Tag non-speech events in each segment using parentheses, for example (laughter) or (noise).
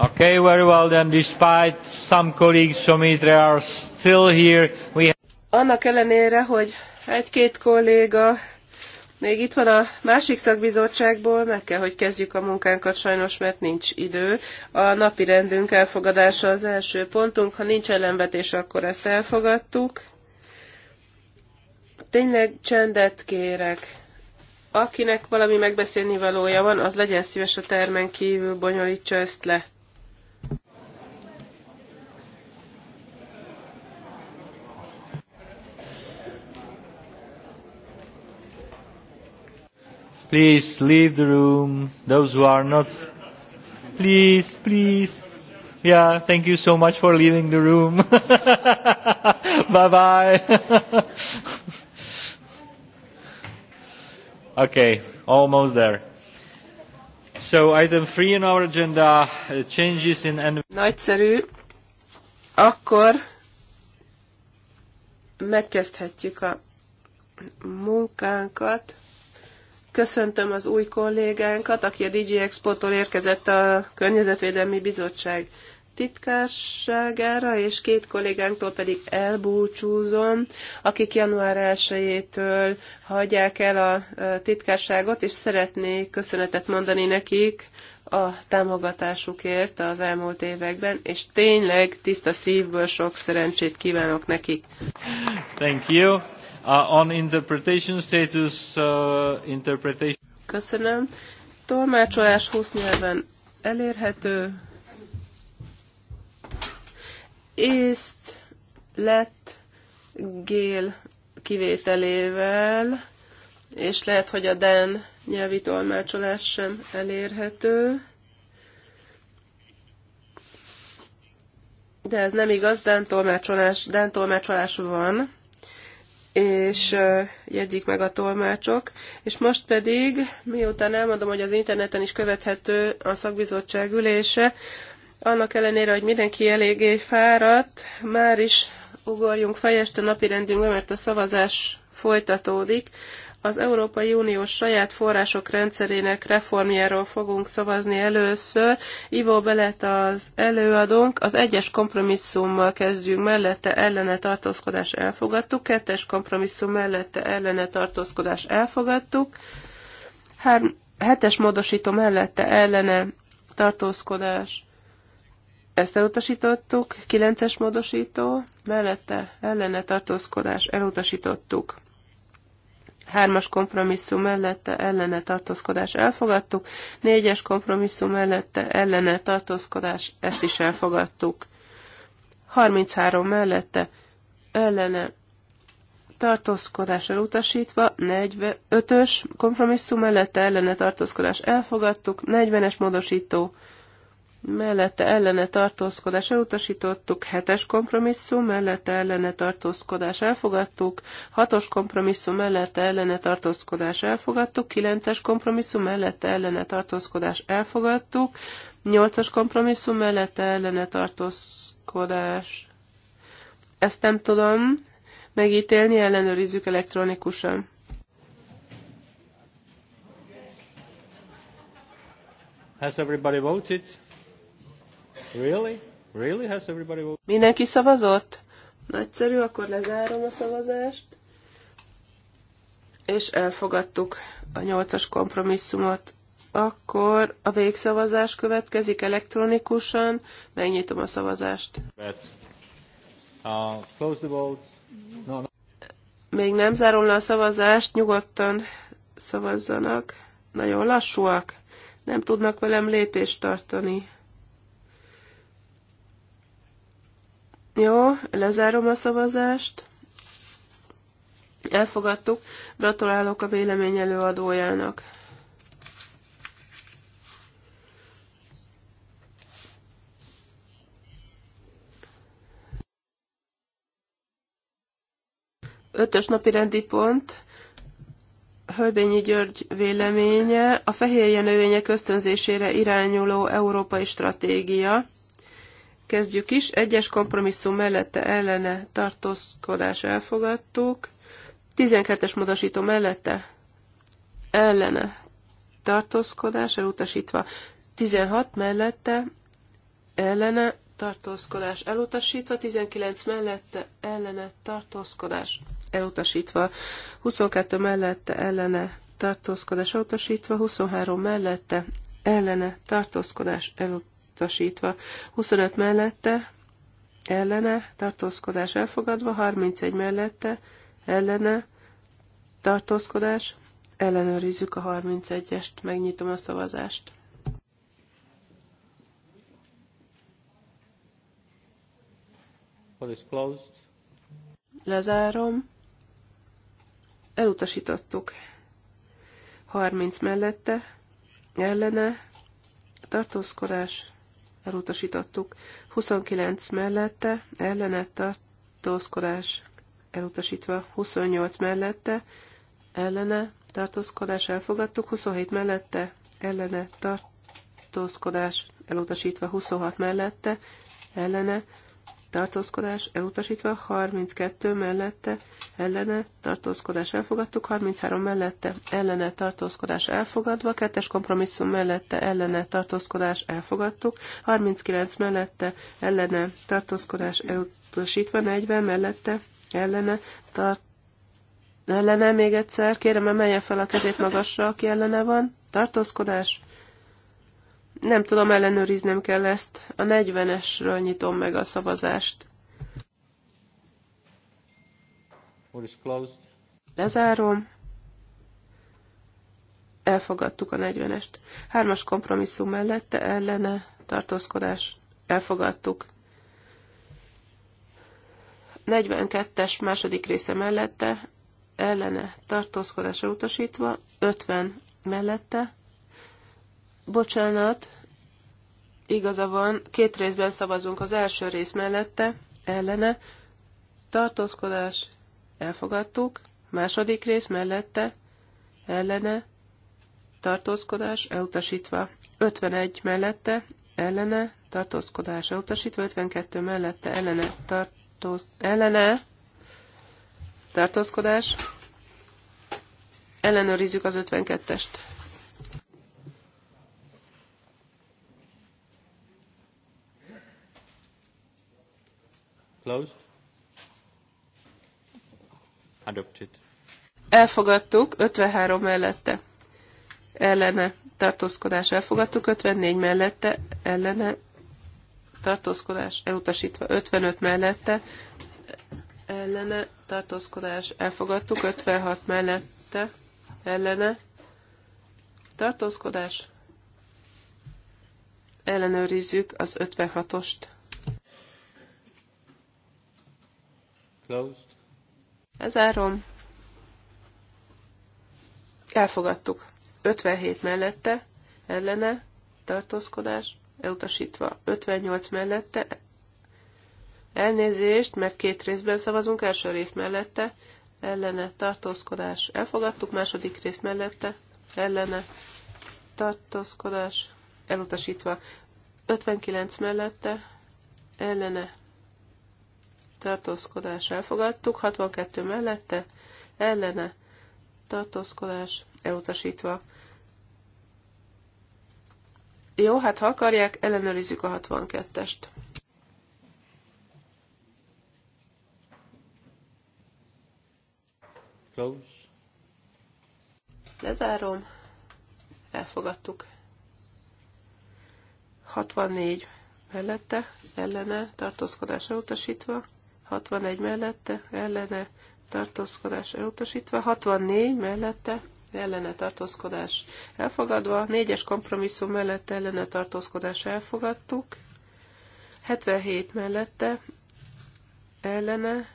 Okay, very well then, despite some colleagues from are still here, we Annak ellenére, hogy egy-két kolléga még itt van a másik szakbizottságból, meg kell, hogy kezdjük a munkánkat sajnos, mert nincs idő. A napi rendünk elfogadása az első pontunk. Ha nincs ellenvetés, akkor ezt elfogadtuk. Tényleg csendet kérek. Akinek valami megbeszélni valója van, az legyen szíves a termen kívül, bonyolítsa ezt le. Please leave the room. Those who are not, please, please. Yeah, thank you so much for leaving the room. (laughs) bye bye. (laughs) okay, almost there. So item three in our agenda uh, changes in Nagyszerű. Akkor megkezdhetjük a munkánkat. Köszöntöm az új kollégánkat, aki a DG Expo-tól érkezett a Környezetvédelmi Bizottság titkárságára, és két kollégánktól pedig elbúcsúzom, akik január 1-től hagyják el a titkárságot, és szeretnék köszönetet mondani nekik a támogatásukért az elmúlt években, és tényleg tiszta szívből sok szerencsét kívánok nekik. Thank you. Uh, on interpretation status, uh, interpretation... Köszönöm. Tolmácsolás 20 nyelven elérhető. Észt, lett, gél kivételével, és lehet, hogy a Dán nyelvi tolmácsolás sem elérhető. De ez nem igaz, Dán tolmácsolás, Dán tolmácsolás van és jegyzik meg a tolmácsok. És most pedig, miután elmondom, hogy az interneten is követhető a szakbizottság ülése, annak ellenére, hogy mindenki eléggé fáradt, már is ugorjunk fejest a napirendünkbe, mert a szavazás folytatódik. Az Európai Unió saját források rendszerének reformjáról fogunk szavazni először. Ivo Belet az előadónk, az egyes kompromisszummal kezdjünk, mellette ellene tartózkodás elfogadtuk, kettes kompromisszum mellette ellene tartózkodás elfogadtuk, Hár, hetes módosító mellette ellene tartózkodás ezt elutasítottuk, 9-es módosító, mellette ellene tartózkodás elutasítottuk hármas kompromisszum mellette ellene tartózkodás elfogadtuk, négyes kompromisszum mellette ellene tartózkodás, ezt is elfogadtuk. 33 mellette ellene tartózkodás elutasítva, 45-ös kompromisszum mellette ellene tartózkodás elfogadtuk, 40-es módosító mellette ellene tartózkodás elutasítottuk, hetes kompromisszum, mellette ellene tartózkodás elfogadtuk, hatos kompromisszum mellette ellene tartózkodás elfogadtuk, kilences kompromisszum mellette ellene tartózkodás elfogadtuk, nyolcas kompromisszum mellette ellene tartózkodás. Ezt nem tudom megítélni, ellenőrizzük elektronikusan. Has everybody voted? Really? Really? Has everybody voted? Mindenki szavazott? Nagyszerű, akkor lezárom a szavazást. És elfogadtuk a nyolcas kompromisszumot. Akkor a végszavazás következik elektronikusan. Megnyitom a szavazást. But, uh, close the vote. No, no. Még nem zárom le a szavazást, nyugodtan szavazzanak. Nagyon lassúak. Nem tudnak velem lépést tartani. Jó, lezárom a szavazást. Elfogadtuk. Gratulálok a vélemény előadójának. Ötös napi rendi pont. Hölbényi György véleménye a fehérje növények ösztönzésére irányuló európai stratégia. Kezdjük is. Egyes kompromisszum mellette ellene tartózkodás elfogadtuk. 12-es módosító mellette ellene tartózkodás elutasítva. 16 mellette ellene tartózkodás elutasítva, 19 mellette ellene tartózkodás elutasítva, 22 mellette ellene tartózkodás elutasítva, 23 mellette ellene tartózkodás elutasítva, 25 mellette, ellene, tartózkodás elfogadva, 31 mellette, ellene, tartózkodás, ellenőrizzük a 31-est, megnyitom a szavazást. Lezárom. Elutasítottuk. 30 mellette, ellene, tartózkodás, elutasítottuk. 29 mellette, ellene tartózkodás elutasítva. 28 mellette, ellene tartózkodás elfogadtuk. 27 mellette, ellene tartózkodás elutasítva. 26 mellette, ellene tartózkodás elutasítva, 32 mellette ellene tartózkodás elfogadtuk, 33 mellette ellene tartózkodás elfogadva, kettes kompromisszum mellette ellene tartózkodás elfogadtuk, 39 mellette ellene tartózkodás elutasítva, 40 mellette ellene tart ellene még egyszer, kérem emelje fel a kezét magasra, aki ellene van, tartózkodás nem tudom, ellenőriznem kell ezt. A 40-esről nyitom meg a szavazást. Lezárom. Elfogadtuk a 40-est. Hármas kompromisszum mellette ellene tartózkodás. Elfogadtuk. 42-es második része mellette ellene tartózkodásra utasítva, 50 mellette Bocsánat, igaza van, két részben szavazunk az első rész mellette, ellene, tartózkodás, elfogadtuk, második rész mellette, ellene, tartózkodás, elutasítva, 51 mellette, ellene, tartózkodás, elutasítva, 52 mellette, ellene, tartóz, ellene, tartózkodás, ellenőrizzük az 52-est. Opposed? Adopted. Elfogadtuk, 53 mellette ellene tartózkodás elfogadtuk, 54 mellette ellene tartózkodás elutasítva, 55 mellette ellene tartózkodás elfogadtuk, 56 mellette ellene tartózkodás ellenőrizzük az 56-ost. Closed. Lezárom. Elfogadtuk. 57 mellette, ellene, tartózkodás, elutasítva. 58 mellette, elnézést, mert két részben szavazunk, első rész mellette, ellene, tartózkodás, elfogadtuk, második rész mellette, ellene, tartózkodás, elutasítva. 59 mellette, ellene, tartózkodás elfogadtuk, 62 mellette ellene tartózkodás elutasítva. Jó, hát ha akarják, ellenőrizzük a 62-est. Close. Lezárom. Elfogadtuk. 64 mellette, ellene, tartózkodásra utasítva. 61 mellette ellene tartózkodás elutasítva, 64 mellette ellene tartózkodás elfogadva, 4-es kompromisszum mellette ellene tartózkodás elfogadtuk, 77 mellette ellene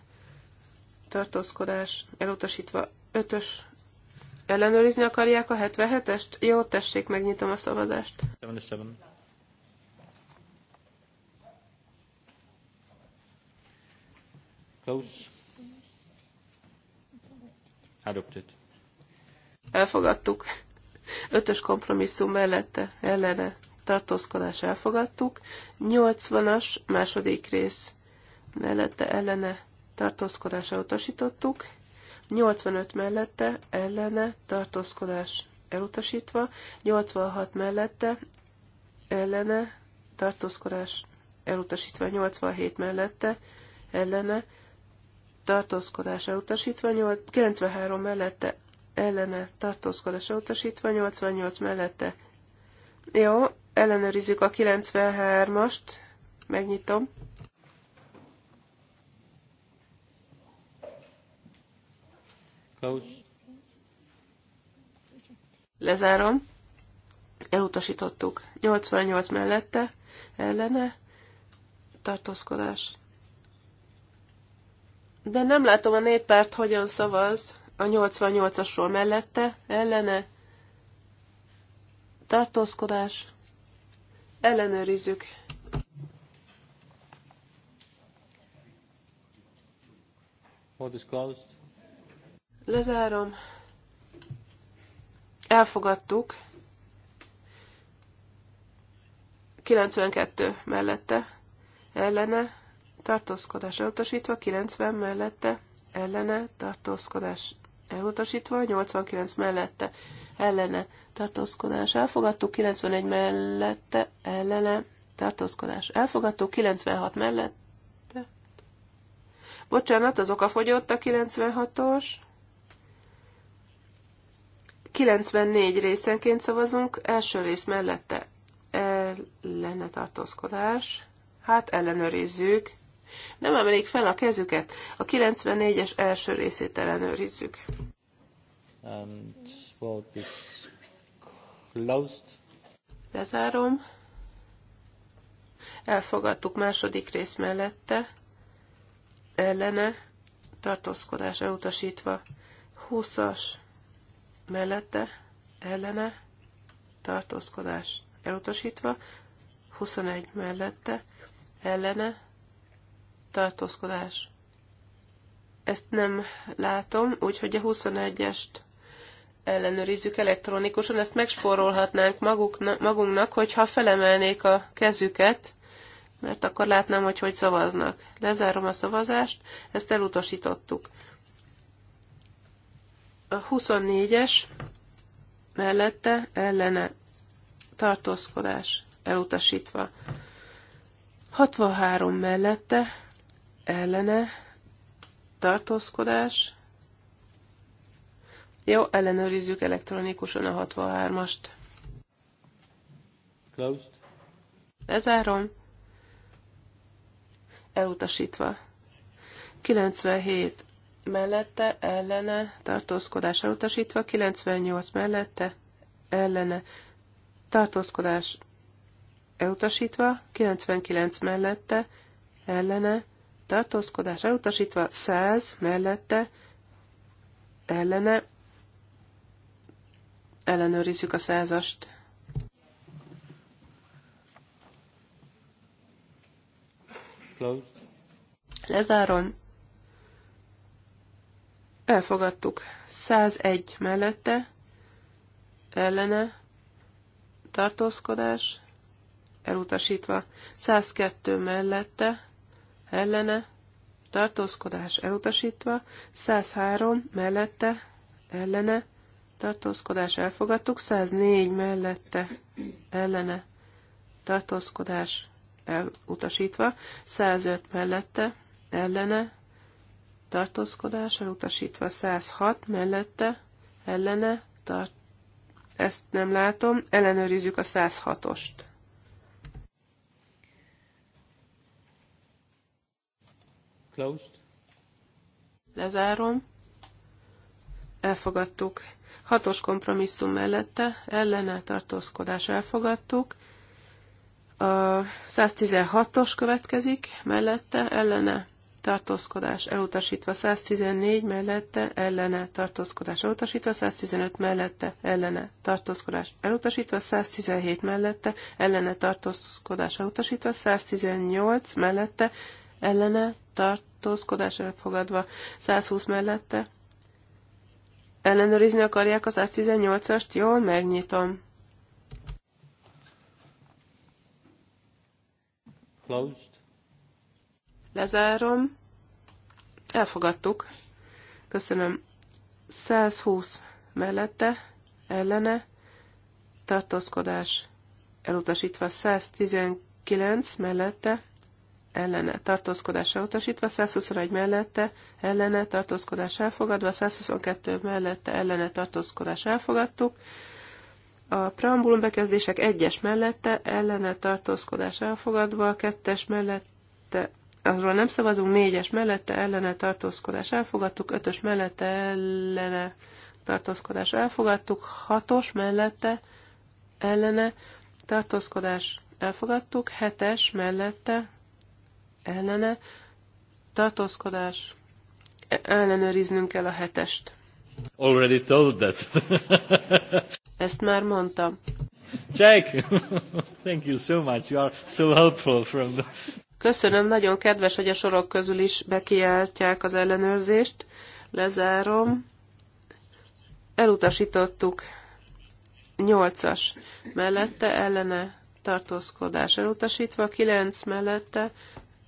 tartózkodás elutasítva, 5-ös ellenőrizni akarják a 77-est? Jó, tessék, megnyitom a szavazást. 77. Close. Adopted. Elfogadtuk. Ötös kompromisszum mellette, ellene, tartózkodás elfogadtuk. 80-as második rész mellette, ellene, tartózkodás elutasítottuk. 85 mellette, ellene, tartózkodás elutasítva. 86 mellette, ellene, tartózkodás elutasítva. 87 mellette, ellene, tartózkodás elutasítva, 93 mellette ellene tartózkodás elutasítva, 88 mellette. Jó, ellenőrizzük a 93-ast, megnyitom. Close. Lezárom. Elutasítottuk. 88 mellette, ellene, tartózkodás de nem látom a néppárt hogyan szavaz a 88-asról mellette, ellene. Tartózkodás. Ellenőrizzük. Lezárom. Elfogadtuk. 92 mellette. Ellene tartózkodás elutasítva, 90 mellette ellene tartózkodás elutasítva, 89 mellette ellene tartózkodás elfogadtuk, 91 mellette ellene tartózkodás elfogadtuk, 96 mellette. Bocsánat, az oka fogyott a 96-os. 94 részenként szavazunk, első rész mellette ellene tartózkodás. Hát ellenőrizzük. Nem emelik fel a kezüket. A 94-es első részét ellenőrizzük. And well, this closed. Lezárom. Elfogadtuk második rész mellette. Ellene. Tartózkodás elutasítva. 20-as mellette. Ellene. Tartózkodás elutasítva. 21 mellette. Ellene tartózkodás. Ezt nem látom, úgyhogy a 21-est ellenőrizzük elektronikusan. Ezt megspórolhatnánk magunknak, hogyha felemelnék a kezüket, mert akkor látnám, hogy hogy szavaznak. Lezárom a szavazást, ezt elutasítottuk. A 24-es mellette ellene tartózkodás elutasítva. 63 mellette ellene, tartózkodás. Jó, ellenőrizzük elektronikusan a 63-ast. Closed. Lezárom. Elutasítva. 97 mellette, ellene, tartózkodás elutasítva, 98 mellette, ellene, tartózkodás elutasítva, 99 mellette, ellene, tartózkodás elutasítva, 100 mellette ellene ellenőrizzük a százast. Close. Lezárom. Elfogadtuk. 101 mellette ellene tartózkodás elutasítva. 102 mellette ellene, tartózkodás elutasítva, 103 mellette, ellene, tartózkodás elfogadtuk, 104 mellette, ellene, tartózkodás elutasítva, 105 mellette, ellene, tartózkodás elutasítva, 106 mellette, ellene, tart... ezt nem látom, ellenőrizzük a 106-ost. Closed. Lezárom. Elfogadtuk. Hatos kompromisszum mellette ellene tartózkodás elfogadtuk. A 116-os következik, mellette ellene tartózkodás elutasítva 114 mellette ellene tartózkodás elutasítva 115 mellette ellene tartózkodás elutasítva 117 mellette ellene tartózkodás elutasítva 118 mellette ellene tartózkodás elfogadva 120 mellette. Ellenőrizni akarják a 118-ast? Jól megnyitom. Closed. Lezárom. Elfogadtuk. Köszönöm. 120 mellette, ellene, tartózkodás elutasítva 119 mellette, ellene tartózkodás utasítva, 121 mellette ellene tartózkodás elfogadva, 122 mellette ellene tartózkodás elfogadtuk, a preambulum bekezdések egyes mellette ellene tartózkodás elfogadva, kettes mellette azról nem szavazunk, négyes mellette ellene tartózkodás elfogadtuk, ötös mellette ellene tartózkodás elfogadtuk, hatos mellette ellene tartózkodás elfogadtuk, hetes mellette ellene, tartózkodás, e- ellenőriznünk kell a hetest. Already told that. Ezt már mondtam. Jack, Thank you so much. You are so helpful from the... Köszönöm, nagyon kedves, hogy a sorok közül is bekiáltják az ellenőrzést. Lezárom. Elutasítottuk. Nyolcas mellette ellene tartózkodás elutasítva, kilenc mellette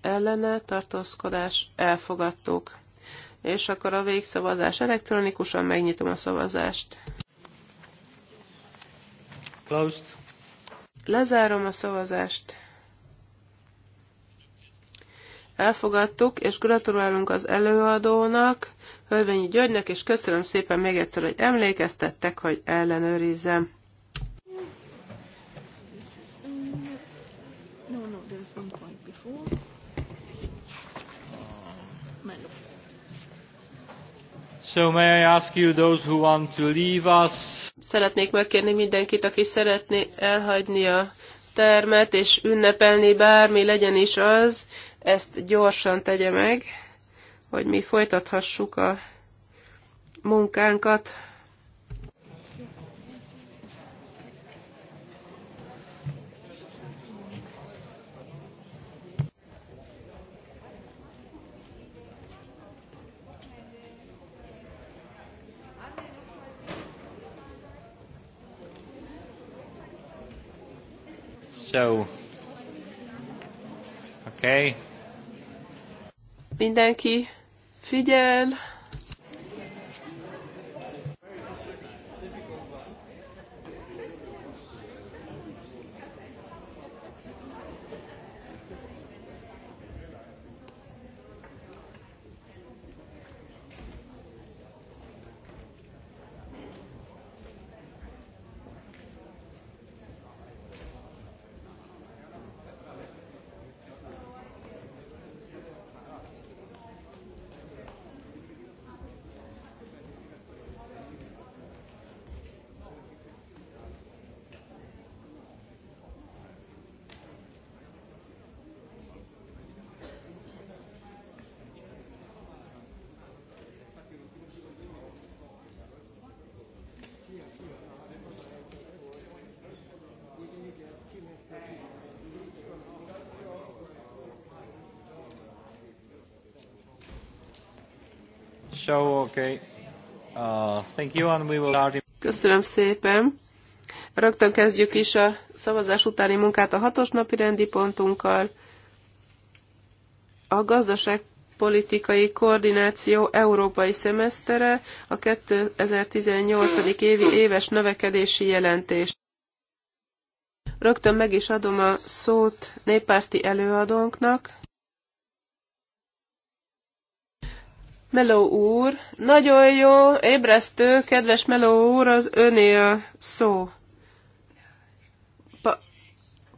ellene tartózkodás elfogadtuk. És akkor a végszavazás elektronikusan megnyitom a szavazást. Closed. Lezárom a szavazást. Elfogadtuk, és gratulálunk az előadónak, Hölvényi Györgynek, és köszönöm szépen még egyszer, hogy emlékeztettek, hogy ellenőrizzem. So may I ask you those who want to leave us? Szeretnék megkérni mindenkit, aki szeretné elhagyni a termet és ünnepelni bármi legyen is az, ezt gyorsan tegye meg, hogy mi folytathassuk a munkánkat. So, okay. Mindenki figyel. So, okay. Uh, thank you, and we will start... Köszönöm szépen. Rögtön kezdjük is a szavazás utáni munkát a hatos napi rendi pontunkkal. A gazdaságpolitikai koordináció európai szemesztere, a 2018. évi éves növekedési jelentés. Rögtön meg is adom a szót néppárti előadónknak, Meló úr, nagyon jó, ébresztő, kedves Meló úr, az öné a szó. Pa-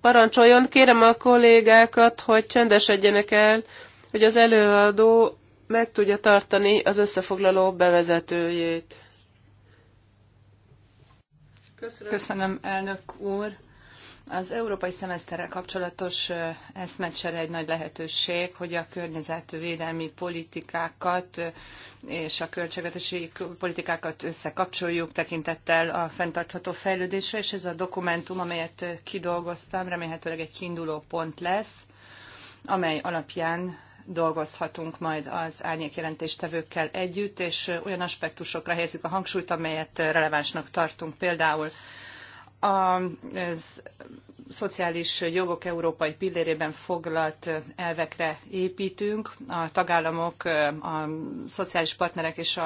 parancsoljon, kérem a kollégákat, hogy csendesedjenek el, hogy az előadó meg tudja tartani az összefoglaló bevezetőjét. Köszönöm, Köszönöm elnök úr. Az európai szemeszterrel kapcsolatos eszmecsere egy nagy lehetőség, hogy a környezetvédelmi politikákat és a költségvetési politikákat összekapcsoljuk tekintettel a fenntartható fejlődésre, és ez a dokumentum, amelyet kidolgoztam, remélhetőleg egy kiinduló pont lesz, amely alapján dolgozhatunk majd az árnyékjelentéstevőkkel együtt, és olyan aspektusokra helyezzük a hangsúlyt, amelyet relevánsnak tartunk, például a ez, szociális jogok európai pillérében foglalt elvekre építünk. A tagállamok, a szociális partnerek és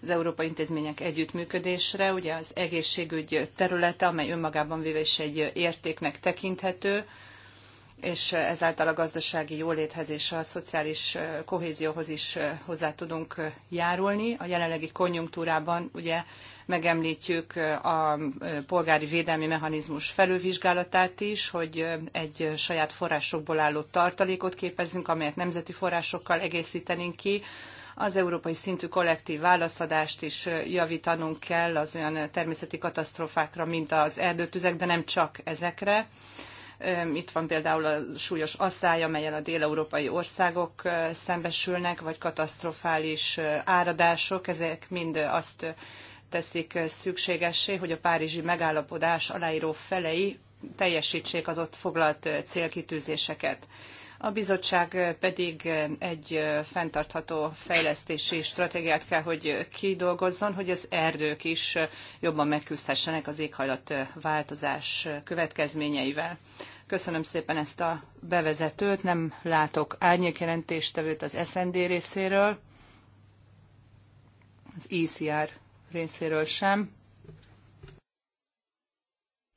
az európai intézmények együttműködésre, ugye az egészségügy területe, amely önmagában véve is egy értéknek tekinthető, és ezáltal a gazdasági jóléthez és a szociális kohézióhoz is hozzá tudunk járulni. A jelenlegi konjunktúrában ugye megemlítjük a polgári védelmi mechanizmus felülvizsgálatát is, hogy egy saját forrásokból álló tartalékot képezzünk, amelyet nemzeti forrásokkal egészítenénk ki, az európai szintű kollektív válaszadást is javítanunk kell az olyan természeti katasztrófákra, mint az erdőtüzek, de nem csak ezekre itt van például a súlyos asszály, amelyen a déleurópai országok szembesülnek, vagy katasztrofális áradások. Ezek mind azt teszik szükségessé, hogy a párizsi megállapodás aláíró felei teljesítsék az ott foglalt célkitűzéseket a bizottság pedig egy fenntartható fejlesztési stratégiát kell, hogy kidolgozzon, hogy az erdők is jobban megküzdhessenek az éghajlatváltozás következményeivel. Köszönöm szépen ezt a bevezetőt, nem látok árnyékjelentéstevőt az SND részéről, az ICR e részéről sem.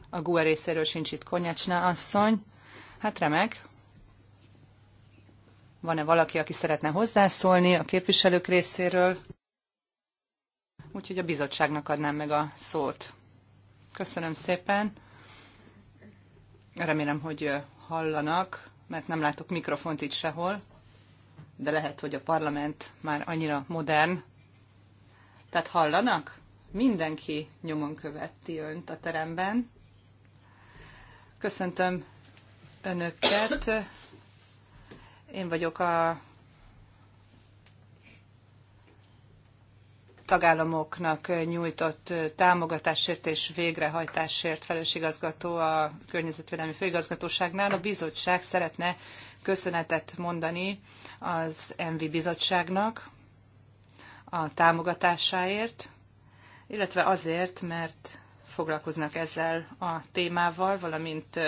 A GUE részéről sincs itt Konyacsna asszony. Hát remek, van-e valaki, aki szeretne hozzászólni a képviselők részéről? Úgyhogy a bizottságnak adnám meg a szót. Köszönöm szépen. Remélem, hogy hallanak, mert nem látok mikrofont itt sehol, de lehet, hogy a parlament már annyira modern. Tehát hallanak? Mindenki nyomon követi önt a teremben. Köszöntöm önöket. Én vagyok a tagállamoknak nyújtott támogatásért és végrehajtásért felelős igazgató a Környezetvédelmi Főigazgatóságnál. A bizottság szeretne köszönetet mondani az MV bizottságnak a támogatásáért, illetve azért, mert foglalkoznak ezzel a témával, valamint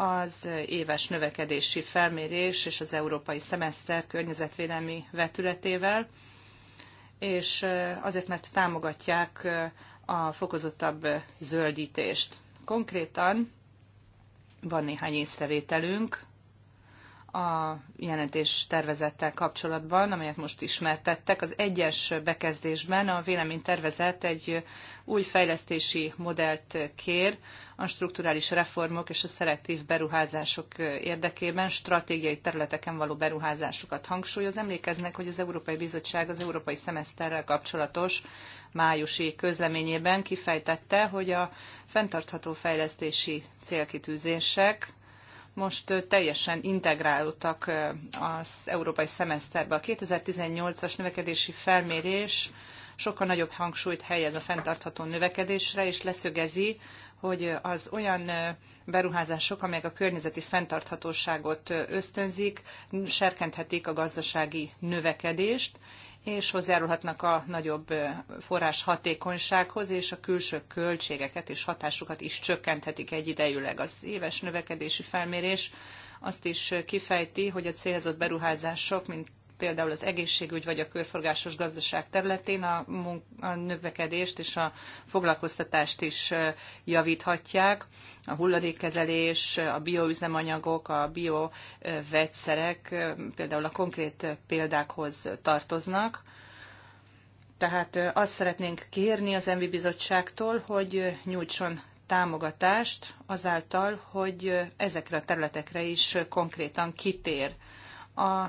az éves növekedési felmérés és az európai szemeszter környezetvédelmi vetületével, és azért, mert támogatják a fokozottabb zöldítést. Konkrétan van néhány észrevételünk a jelentés tervezettel kapcsolatban, amelyet most ismertettek. Az egyes bekezdésben a tervezett egy új fejlesztési modellt kér a strukturális reformok és a szelektív beruházások érdekében stratégiai területeken való beruházásokat hangsúlyoz. Emlékeznek, hogy az Európai Bizottság az Európai Szemeszterrel kapcsolatos májusi közleményében kifejtette, hogy a fenntartható fejlesztési célkitűzések most teljesen integrálódtak az európai szemeszterbe. A 2018-as növekedési felmérés sokkal nagyobb hangsúlyt helyez a fenntartható növekedésre, és leszögezi, hogy az olyan beruházások, amelyek a környezeti fenntarthatóságot ösztönzik, serkenthetik a gazdasági növekedést, és hozzájárulhatnak a nagyobb forrás hatékonysághoz, és a külső költségeket és hatásukat is csökkenthetik egyidejűleg. Az éves növekedési felmérés azt is kifejti, hogy a célzott beruházások, mint például az egészségügy vagy a körforgásos gazdaság területén a, a növekedést és a foglalkoztatást is javíthatják. A hulladékkezelés, a bioüzemanyagok, a biovegyszerek például a konkrét példákhoz tartoznak. Tehát azt szeretnénk kérni az Envi bizottságtól, hogy nyújtson támogatást azáltal, hogy ezekre a területekre is konkrétan kitér. A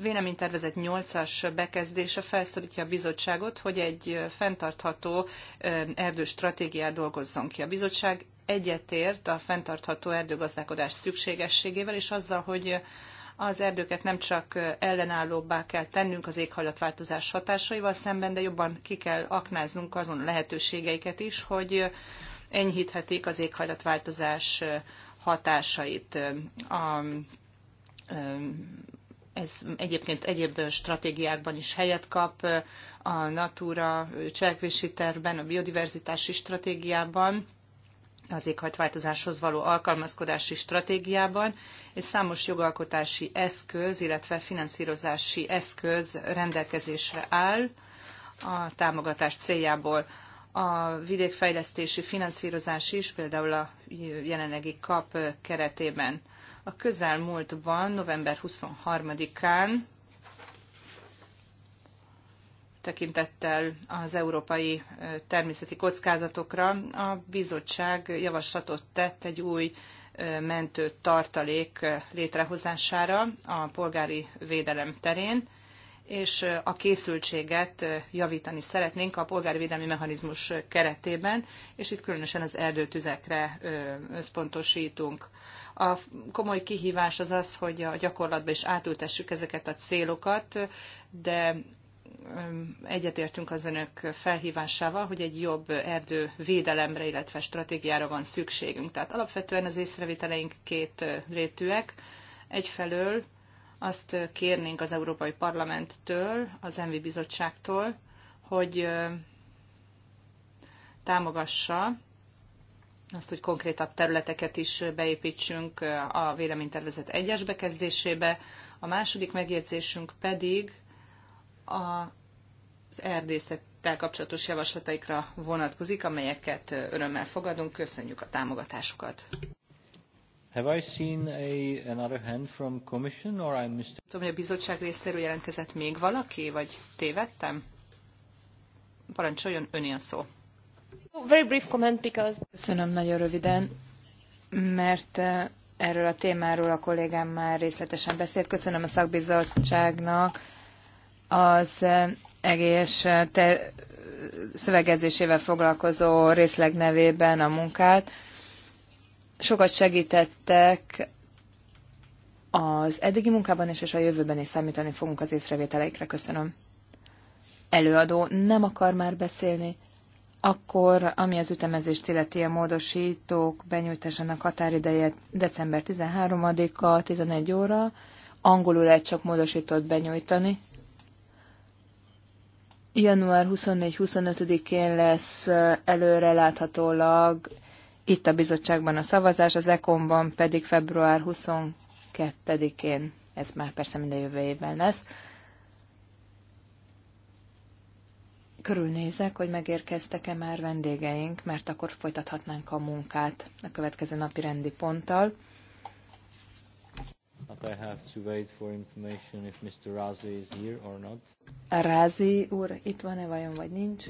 véleménytervezet 8-as bekezdése felszólítja a bizottságot, hogy egy fenntartható erdőstratégiát dolgozzon ki. A bizottság egyetért a fenntartható erdőgazdálkodás szükségességével, és azzal, hogy az erdőket nem csak ellenállóbbá kell tennünk az éghajlatváltozás hatásaival szemben, de jobban ki kell aknáznunk azon lehetőségeiket is, hogy enyhíthetik az éghajlatváltozás hatásait. A, ez egyébként egyéb stratégiákban is helyet kap, a Natura cselekvési tervben, a biodiverzitási stratégiában, az éghajtváltozáshoz való alkalmazkodási stratégiában, és számos jogalkotási eszköz, illetve finanszírozási eszköz rendelkezésre áll a támogatás céljából. A vidékfejlesztési finanszírozás is például a jelenlegi kap keretében a közelmúltban, november 23-án tekintettel az európai természeti kockázatokra a bizottság javaslatot tett egy új mentő tartalék létrehozására a polgári védelem terén és a készültséget javítani szeretnénk a polgárvédelmi mechanizmus keretében, és itt különösen az erdőtüzekre összpontosítunk. A komoly kihívás az az, hogy a gyakorlatba is átültessük ezeket a célokat, de egyetértünk az önök felhívásával, hogy egy jobb erdővédelemre, illetve stratégiára van szükségünk. Tehát alapvetően az észrevételeink két rétűek. Egyfelől azt kérnénk az Európai Parlamenttől, az ENVI Bizottságtól, hogy támogassa azt, hogy konkrétabb területeket is beépítsünk a véleménytervezet egyes bekezdésébe. A második megjegyzésünk pedig az erdészettel kapcsolatos javaslataikra vonatkozik, amelyeket örömmel fogadunk. Köszönjük a támogatásukat! Have I seen a, another hand from commission, or I missed... Tudom, hogy a bizottság részéről jelentkezett még valaki, vagy tévedtem? Parancsoljon öné a szó. Very brief comment because... Köszönöm nagyon röviden, mert eh, erről a témáról a kollégám már részletesen beszélt. Köszönöm a szakbizottságnak az eh, egész eh, te szövegezésével foglalkozó részleg nevében a munkát sokat segítettek az eddigi munkában is, és a jövőben is számítani fogunk az észrevételeikre. Köszönöm. Előadó nem akar már beszélni, akkor, ami az ütemezést illeti a módosítók benyújtásának határideje december 13-a, 11 óra, angolul lehet csak módosítót benyújtani. Január 24-25-én lesz előre itt a bizottságban a szavazás, az ECOM-ban pedig február 22-én, ez már persze minden jövő évben lesz. Körülnézek, hogy megérkeztek-e már vendégeink, mert akkor folytathatnánk a munkát a következő napi rendi ponttal. But I have to wait for information if Mr. Razi is here or not. Razi úr itt van-e vajon, vagy nincs?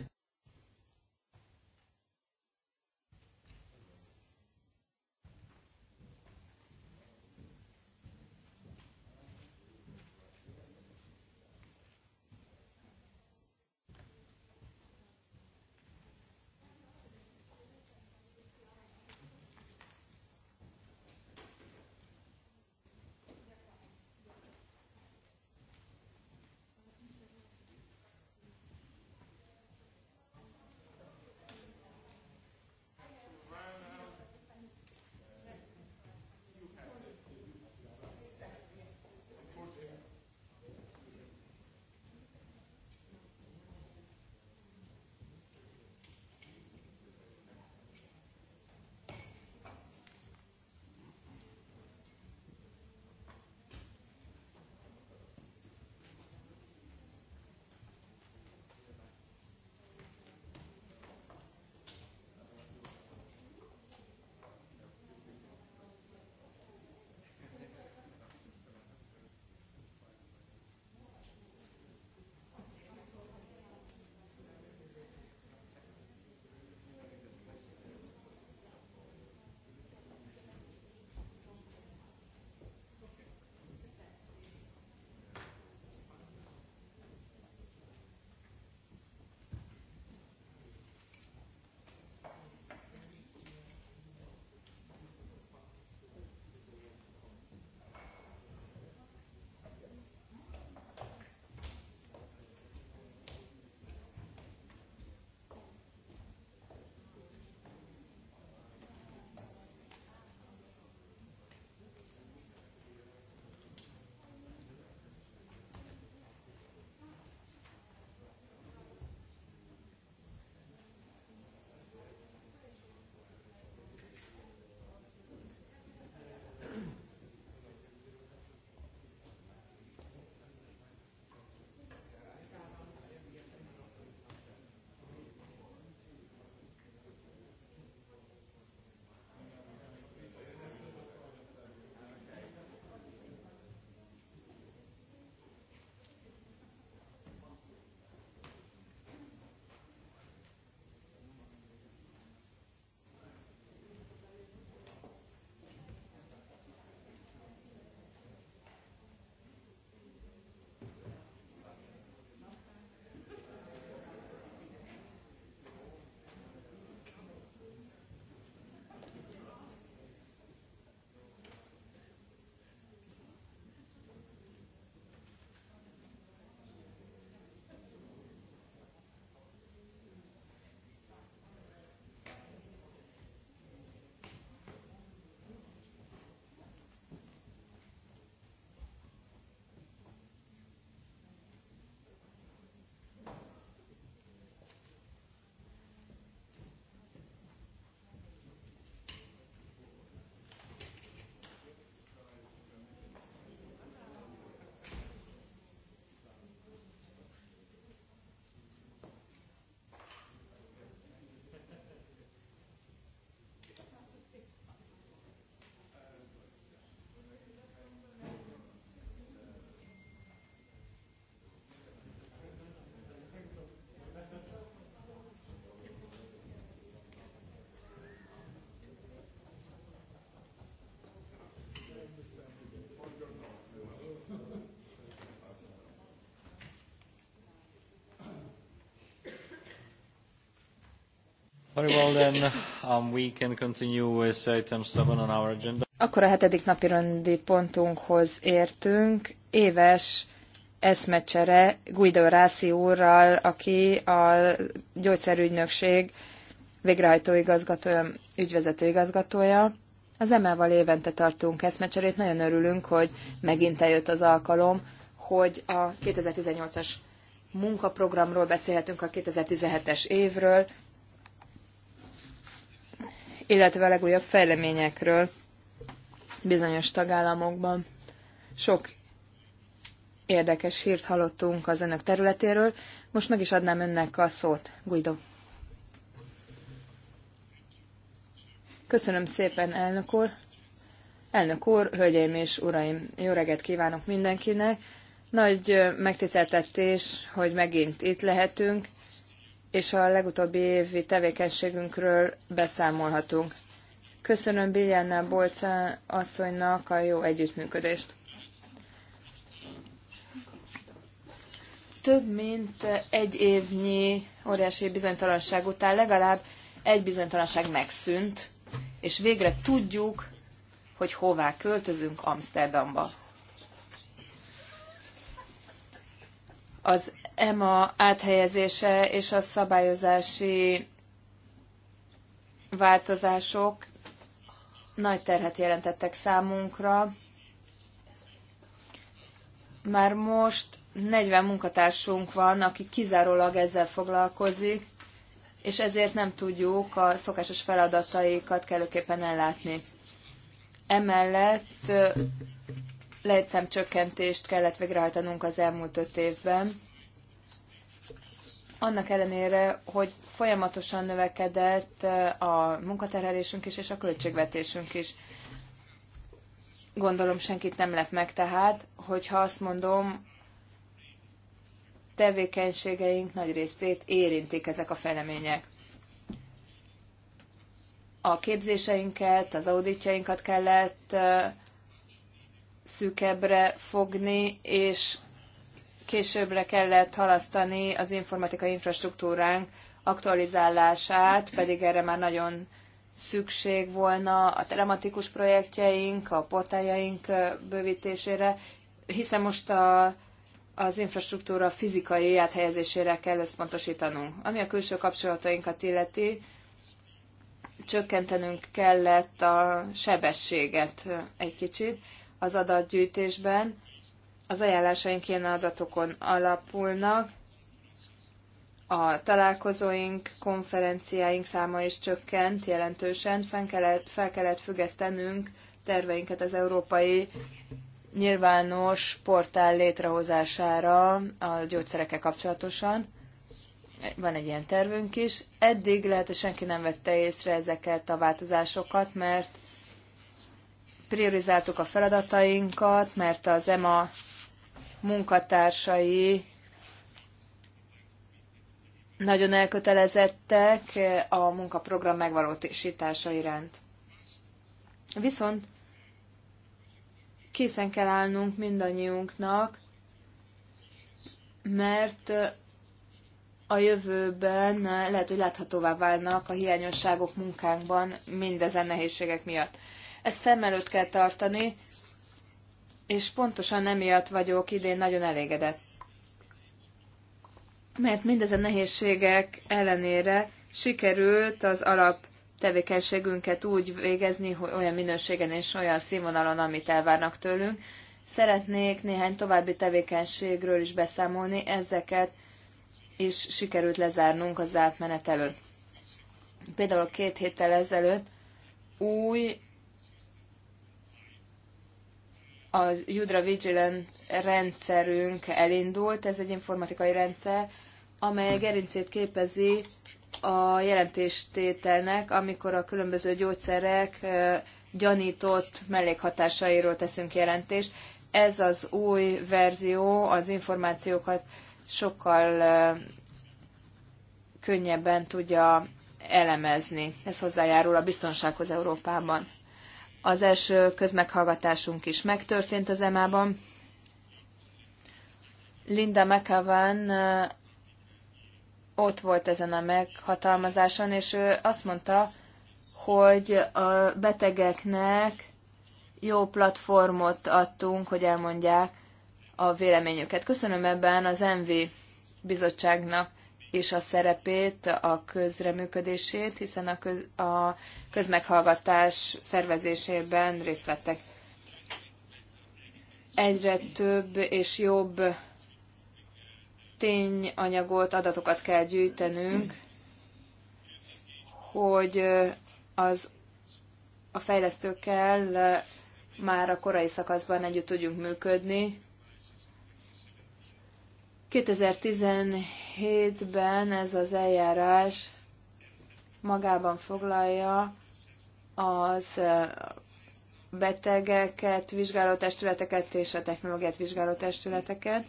Very well then, um, we can continue with item seven on our agenda. Akkor a hetedik napi rendi pontunkhoz értünk. Éves eszmecsere Guido Rászi úrral, aki a gyógyszerügynökség végrehajtó igazgatója, ügyvezető igazgatója. Az emelval évente tartunk eszmecserét, nagyon örülünk, hogy megint eljött az alkalom, hogy a 2018-as munkaprogramról beszélhetünk a 2017-es évről, illetve a legújabb fejleményekről bizonyos tagállamokban. Sok érdekes hírt hallottunk az önök területéről. Most meg is adnám önnek a szót, Guido. Köszönöm szépen, elnök úr. Elnök úr, hölgyeim és uraim, jó reggelt kívánok mindenkinek. Nagy megtiszteltetés, hogy megint itt lehetünk és a legutóbbi évi tevékenységünkről beszámolhatunk. Köszönöm Biljana Bolca asszonynak a jó együttműködést. Több mint egy évnyi óriási bizonytalanság után legalább egy bizonytalanság megszűnt, és végre tudjuk, hogy hová költözünk Amsterdamba. Az EMA áthelyezése és a szabályozási változások nagy terhet jelentettek számunkra. Már most 40 munkatársunk van, aki kizárólag ezzel foglalkozik, és ezért nem tudjuk a szokásos feladataikat kellőképpen ellátni. Emellett csökkentést kellett végrehajtanunk az elmúlt öt évben, annak ellenére, hogy folyamatosan növekedett a munkaterhelésünk is, és a költségvetésünk is. Gondolom senkit nem lep meg tehát, hogyha azt mondom, tevékenységeink nagy részét érintik ezek a felemények. A képzéseinket, az auditjainkat kellett szűkebbre fogni, és későbbre kellett halasztani az informatikai infrastruktúránk aktualizálását, pedig erre már nagyon szükség volna a telematikus projektjeink, a portáljaink bővítésére, hiszen most a, az infrastruktúra fizikai áthelyezésére kell összpontosítanunk. Ami a külső kapcsolatainkat illeti, csökkentenünk kellett a sebességet egy kicsit az adatgyűjtésben, az ajánlásaink ilyen adatokon alapulnak, a találkozóink, konferenciáink száma is csökkent jelentősen, fel kellett, fel kellett függesztenünk terveinket az európai nyilvános portál létrehozására a gyógyszerekkel kapcsolatosan. Van egy ilyen tervünk is. Eddig lehet, hogy senki nem vette észre ezeket a változásokat, mert priorizáltuk a feladatainkat, mert az EMA munkatársai nagyon elkötelezettek a munkaprogram megvalósítása iránt. Viszont készen kell állnunk mindannyiunknak, mert a jövőben lehet, hogy láthatóvá válnak a hiányosságok munkánkban mindezen nehézségek miatt. Ezt szem előtt kell tartani, és pontosan emiatt vagyok idén nagyon elégedett. Mert mindezen nehézségek ellenére sikerült az alap tevékenységünket úgy végezni, hogy olyan minőségen és olyan színvonalon, amit elvárnak tőlünk. Szeretnék néhány további tevékenységről is beszámolni, ezeket is sikerült lezárnunk az átmenet előtt. Például két héttel ezelőtt új a Judra Vigilant rendszerünk elindult, ez egy informatikai rendszer, amely gerincét képezi a jelentéstételnek, amikor a különböző gyógyszerek gyanított mellékhatásairól teszünk jelentést. Ez az új verzió az információkat sokkal könnyebben tudja elemezni. Ez hozzájárul a biztonsághoz Európában. Az első közmeghallgatásunk is megtörtént az EMA-ban. Linda McAvan eh, ott volt ezen a meghatalmazáson, és ő azt mondta, hogy a betegeknek jó platformot adtunk, hogy elmondják a véleményüket. Köszönöm ebben az MV bizottságnak és a szerepét, a közreműködését, hiszen a, köz, a közmeghallgatás szervezésében részt vettek. Egyre több és jobb tényanyagot, adatokat kell gyűjtenünk, hogy az a fejlesztőkkel már a korai szakaszban együtt tudjunk működni, 2017-ben ez az eljárás magában foglalja az betegeket, vizsgáló testületeket és a technológiát vizsgáló testületeket.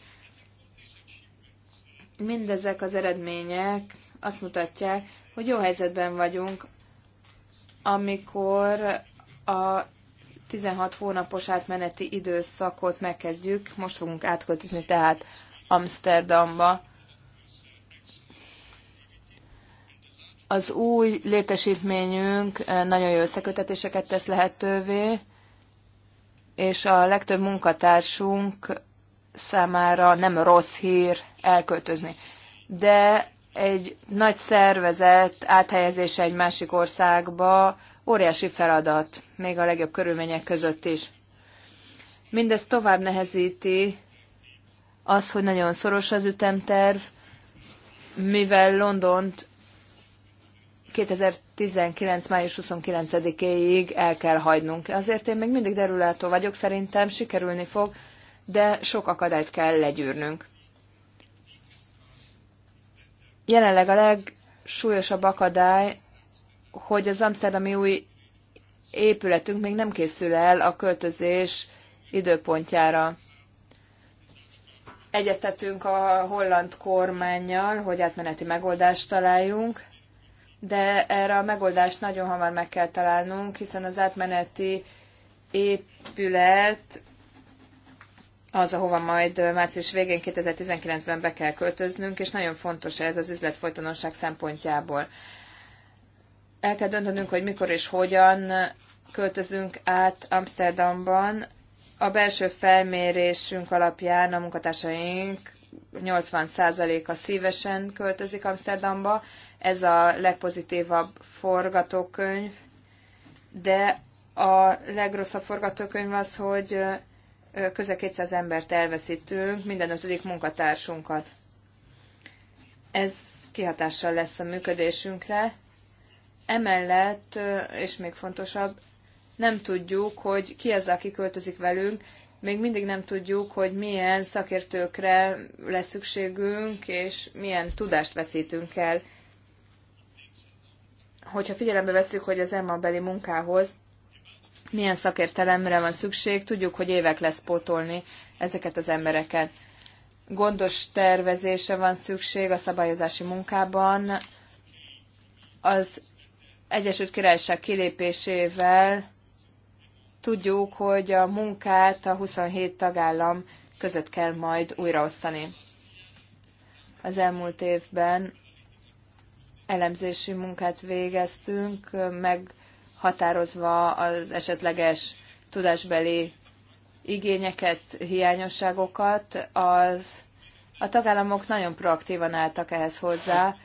Mindezek az eredmények azt mutatják, hogy jó helyzetben vagyunk, amikor a 16 hónapos átmeneti időszakot megkezdjük, most fogunk átköltözni tehát Amsterdamba. Az új létesítményünk eh, nagyon jó összekötetéseket tesz lehetővé, és a legtöbb munkatársunk számára nem rossz hír elköltözni. De egy nagy szervezet áthelyezése egy másik országba óriási feladat, még a legjobb körülmények között is. Mindez tovább nehezíti az, hogy nagyon szoros az ütemterv, mivel Londont 2019. május 29-éig el kell hagynunk. Azért én még mindig derülátó vagyok, szerintem sikerülni fog, de sok akadályt kell legyűrnünk. Jelenleg a legsúlyosabb akadály, hogy az amsterdami új épületünk még nem készül el a költözés időpontjára egyeztetünk a holland kormányjal, hogy átmeneti megoldást találjunk, de erre a megoldást nagyon hamar meg kell találnunk, hiszen az átmeneti épület az, ahova majd március végén 2019-ben be kell költöznünk, és nagyon fontos ez az üzletfolytonosság szempontjából. El kell döntenünk, hogy mikor és hogyan költözünk át Amsterdamban. A belső felmérésünk alapján a munkatársaink 80%-a szívesen költözik Amsterdamba. Ez a legpozitívabb forgatókönyv, de a legrosszabb forgatókönyv az, hogy közel 200 embert elveszítünk, minden ötödik munkatársunkat. Ez kihatással lesz a működésünkre. Emellett, és még fontosabb, nem tudjuk, hogy ki az aki költözik velünk, még mindig nem tudjuk, hogy milyen szakértőkre lesz szükségünk, és milyen tudást veszítünk el. Hogyha figyelembe veszük, hogy az EMMA beli munkához milyen szakértelemre van szükség, tudjuk, hogy évek lesz pótolni ezeket az embereket. Gondos tervezése van szükség a szabályozási munkában. Az Egyesült Királyság kilépésével Tudjuk, hogy a munkát a 27 tagállam között kell majd újraosztani. Az elmúlt évben elemzési munkát végeztünk, meghatározva az esetleges tudásbeli igényeket, hiányosságokat, az a tagállamok nagyon proaktívan álltak ehhez hozzá.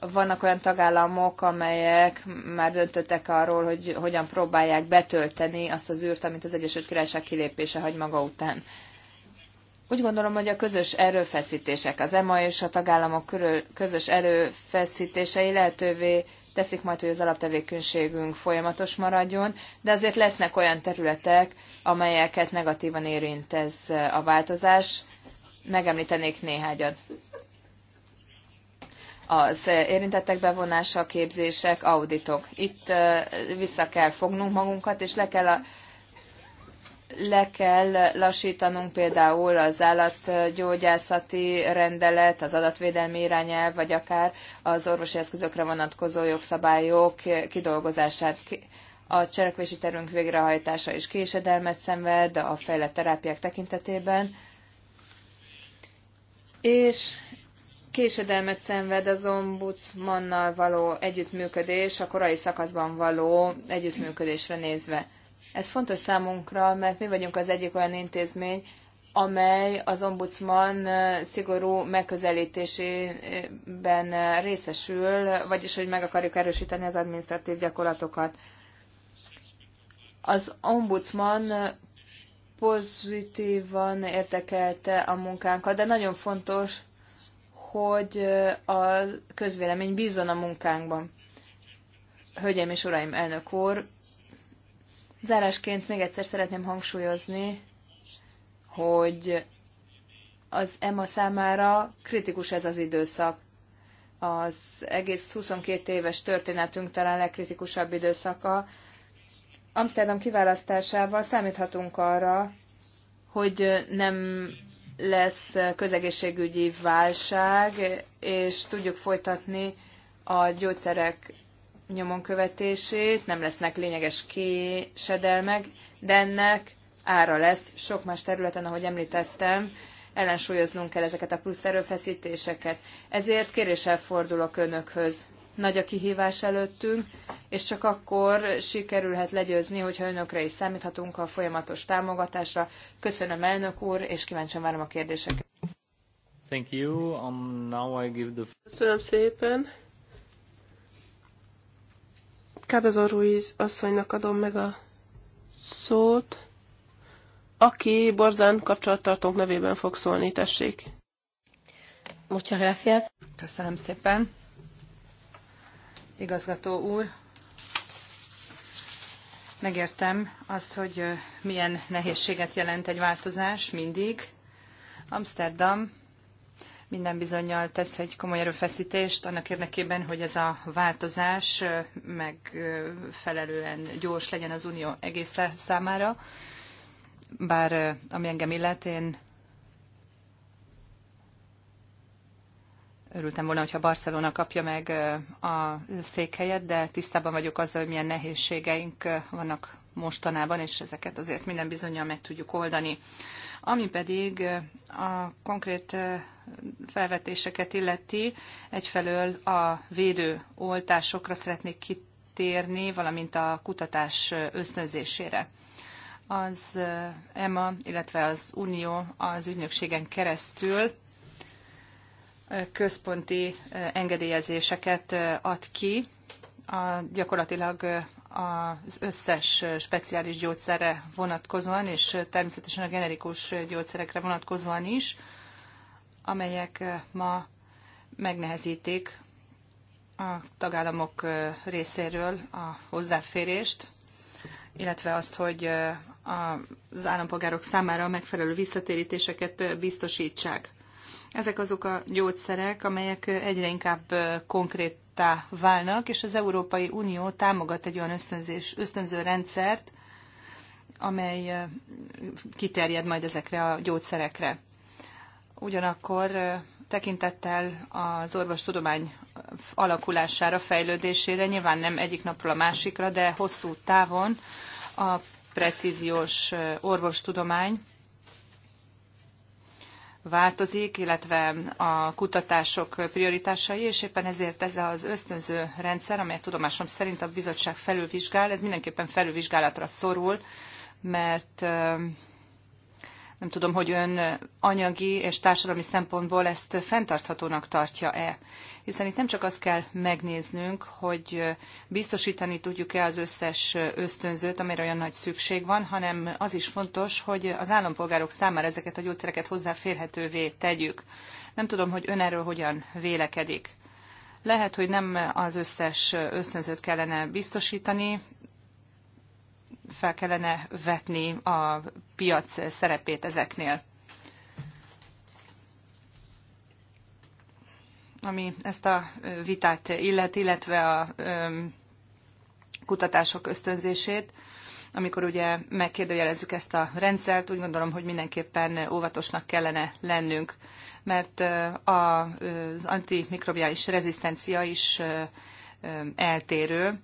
Vannak olyan tagállamok, amelyek már döntöttek arról, hogy hogyan próbálják betölteni azt az űrt, amit az Egyesült Királyság kilépése hagy maga után. Úgy gondolom, hogy a közös erőfeszítések, az EMA és a tagállamok körül közös erőfeszítései lehetővé teszik majd, hogy az alaptevékenységünk folyamatos maradjon, de azért lesznek olyan területek, amelyeket negatívan érint ez a változás. Megemlítenék néhányat. Az érintettek bevonása, képzések, auditok. Itt vissza kell fognunk magunkat, és le kell, a, le kell lassítanunk például az állatgyógyászati rendelet, az adatvédelmi irányelv, vagy akár az orvosi eszközökre vonatkozó jogszabályok kidolgozását a cselekvési terünk végrehajtása is késedelmet szenved a fejlett terápiák tekintetében, és késedelmet szenved az ombudsmannal való együttműködés, a korai szakaszban való együttműködésre nézve. Ez fontos számunkra, mert mi vagyunk az egyik olyan intézmény, amely az ombudsman szigorú megközelítésében részesül, vagyis hogy meg akarjuk erősíteni az administratív gyakorlatokat. Az ombudsman pozitívan értekelte a munkánkat, de nagyon fontos, hogy a közvélemény bízzon a munkánkban. Hölgyeim és Uraim, elnök úr, zárásként még egyszer szeretném hangsúlyozni, hogy az EMA számára kritikus ez az időszak. Az egész 22 éves történetünk talán legkritikusabb időszaka, Amsterdam kiválasztásával számíthatunk arra, hogy nem lesz közegészségügyi válság, és tudjuk folytatni a gyógyszerek nyomon követését, nem lesznek lényeges késedelmek, de ennek ára lesz sok más területen, ahogy említettem, ellensúlyoznunk kell ezeket a plusz erőfeszítéseket. Ezért kéréssel fordulok önökhöz nagy a kihívás előttünk, és csak akkor sikerülhet legyőzni, hogyha önökre is számíthatunk a folyamatos támogatásra. Köszönöm, elnök úr, és kíváncsian várom a kérdéseket. Thank you. Um, now I give the... Köszönöm szépen. Cabezon Ruiz asszonynak adom meg a szót, aki Borzán kapcsolattartónk nevében fog szólni, tessék. Muchas gracias. Köszönöm szépen igazgató úr. Megértem azt, hogy milyen nehézséget jelent egy változás mindig. Amsterdam minden bizonyal tesz egy komoly erőfeszítést annak érdekében, hogy ez a változás megfelelően gyors legyen az Unió egész számára. Bár ami engem illet, én örültem volna, hogyha Barcelona kapja meg a székhelyet, de tisztában vagyok azzal, hogy milyen nehézségeink vannak mostanában, és ezeket azért minden bizonyal meg tudjuk oldani. Ami pedig a konkrét felvetéseket illeti, egyfelől a védő oltásokra szeretnék kitérni, valamint a kutatás ösztönzésére. Az EMA, illetve az Unió az ügynökségen keresztül központi engedélyezéseket ad ki, a, gyakorlatilag az összes speciális gyógyszerre vonatkozóan, és természetesen a generikus gyógyszerekre vonatkozóan is, amelyek ma megnehezítik a tagállamok részéről a hozzáférést, illetve azt, hogy az állampolgárok számára megfelelő visszatérítéseket biztosítsák. Ezek azok a gyógyszerek, amelyek egyre inkább konkréttá válnak, és az Európai Unió támogat egy olyan ösztönzés, ösztönző rendszert, amely kiterjed majd ezekre a gyógyszerekre. Ugyanakkor tekintettel az orvostudomány alakulására, fejlődésére, nyilván nem egyik napról a másikra, de hosszú távon a precíziós orvostudomány változik, illetve a kutatások prioritásai, és éppen ezért ez az ösztönző rendszer, amelyet tudomásom szerint a bizottság felülvizsgál, ez mindenképpen felülvizsgálatra szorul, mert nem tudom, hogy ön anyagi és társadalmi szempontból ezt fenntarthatónak tartja-e. Hiszen itt nem csak azt kell megnéznünk, hogy biztosítani tudjuk-e az összes ösztönzőt, amire olyan nagy szükség van, hanem az is fontos, hogy az állampolgárok számára ezeket a gyógyszereket hozzáférhetővé tegyük. Nem tudom, hogy ön erről hogyan vélekedik. Lehet, hogy nem az összes ösztönzőt kellene biztosítani, fel kellene vetni a piac szerepét ezeknél. Ami ezt a vitát illet, illetve a kutatások ösztönzését, amikor ugye megkérdőjelezzük ezt a rendszert, úgy gondolom, hogy mindenképpen óvatosnak kellene lennünk, mert az antimikrobiális rezisztencia is eltérő,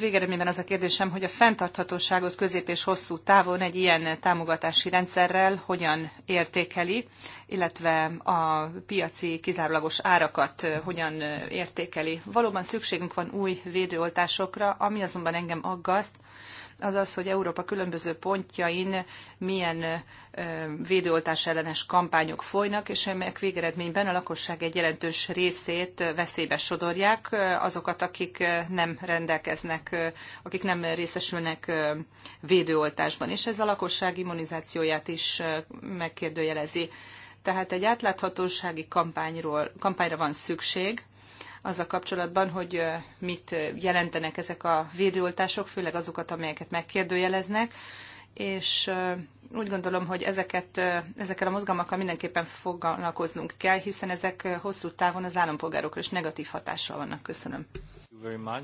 Végeredményben az a kérdésem, hogy a fenntarthatóságot közép és hosszú távon egy ilyen támogatási rendszerrel hogyan értékeli, illetve a piaci kizárólagos árakat hogyan értékeli. Valóban szükségünk van új védőoltásokra, ami azonban engem aggaszt, az az, hogy Európa különböző pontjain milyen védőoltás ellenes kampányok folynak, és emelyek végeredményben a lakosság egy jelentős részét veszélybe sodorják azokat, akik nem rendelkeznek, akik nem részesülnek védőoltásban. És ez a lakosság immunizációját is megkérdőjelezi. Tehát egy átláthatósági kampányról, kampányra van szükség, azzal kapcsolatban, hogy mit jelentenek ezek a védőoltások, főleg azokat, amelyeket megkérdőjeleznek, és úgy gondolom, hogy ezeket, ezekkel a mozgalmakkal mindenképpen foglalkoznunk kell, hiszen ezek hosszú távon az állampolgárokra is negatív hatással vannak. Köszönöm. Uh,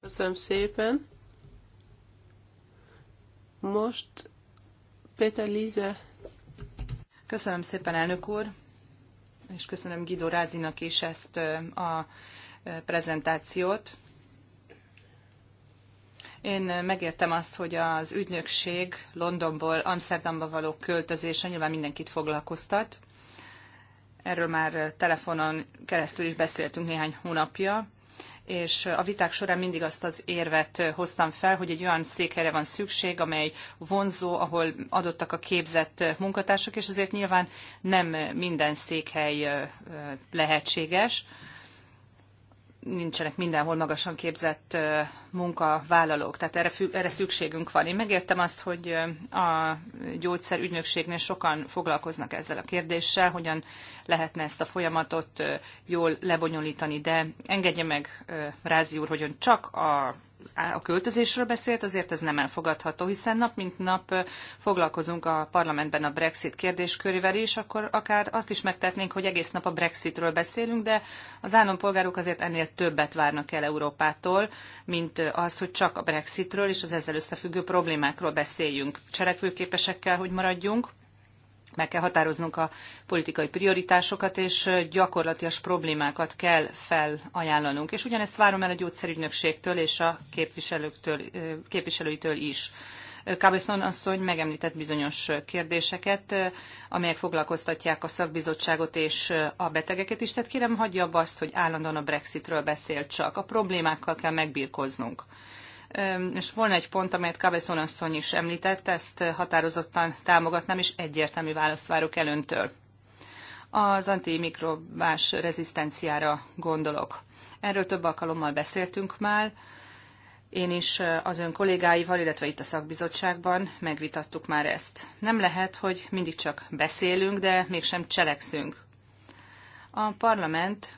Köszönöm szépen. Most Péter Líze. Köszönöm szépen, elnök úr és köszönöm Guido Rázinak is ezt a prezentációt. Én megértem azt, hogy az ügynökség Londonból Amsterdamba való költözése nyilván mindenkit foglalkoztat. Erről már telefonon keresztül is beszéltünk néhány hónapja és a viták során mindig azt az érvet hoztam fel, hogy egy olyan székhelyre van szükség, amely vonzó, ahol adottak a képzett munkatársak, és azért nyilván nem minden székhely lehetséges nincsenek mindenhol magasan képzett munkavállalók, tehát erre, erre szükségünk van. Én megértem azt, hogy a gyógyszerügynökségnél sokan foglalkoznak ezzel a kérdéssel, hogyan lehetne ezt a folyamatot jól lebonyolítani, de engedje meg Rázi úr, hogy ön csak a a költözésről beszélt, azért ez nem elfogadható, hiszen nap mint nap foglalkozunk a parlamentben a Brexit kérdéskörével is, akkor akár azt is megtehetnénk, hogy egész nap a Brexitről beszélünk, de az állampolgárok azért ennél többet várnak el Európától, mint azt, hogy csak a Brexitről és az ezzel összefüggő problémákról beszéljünk. Cselekvőképesek kell, hogy maradjunk, meg kell határoznunk a politikai prioritásokat, és gyakorlatias problémákat kell felajánlanunk. És ugyanezt várom el a gyógyszerügynökségtől és a képviselőktől, képviselőitől is. Kábeszon asszony megemlített bizonyos kérdéseket, amelyek foglalkoztatják a szakbizottságot és a betegeket is. Tehát kérem, hagyja abba azt, hogy állandóan a Brexitről beszél csak. A problémákkal kell megbírkoznunk és volna egy pont, amelyet Cabezon asszony is említett, ezt határozottan támogatnám, és egyértelmű választ várok el öntől. Az antimikrobás rezisztenciára gondolok. Erről több alkalommal beszéltünk már, én is az ön kollégáival, illetve itt a szakbizottságban megvitattuk már ezt. Nem lehet, hogy mindig csak beszélünk, de mégsem cselekszünk. A parlament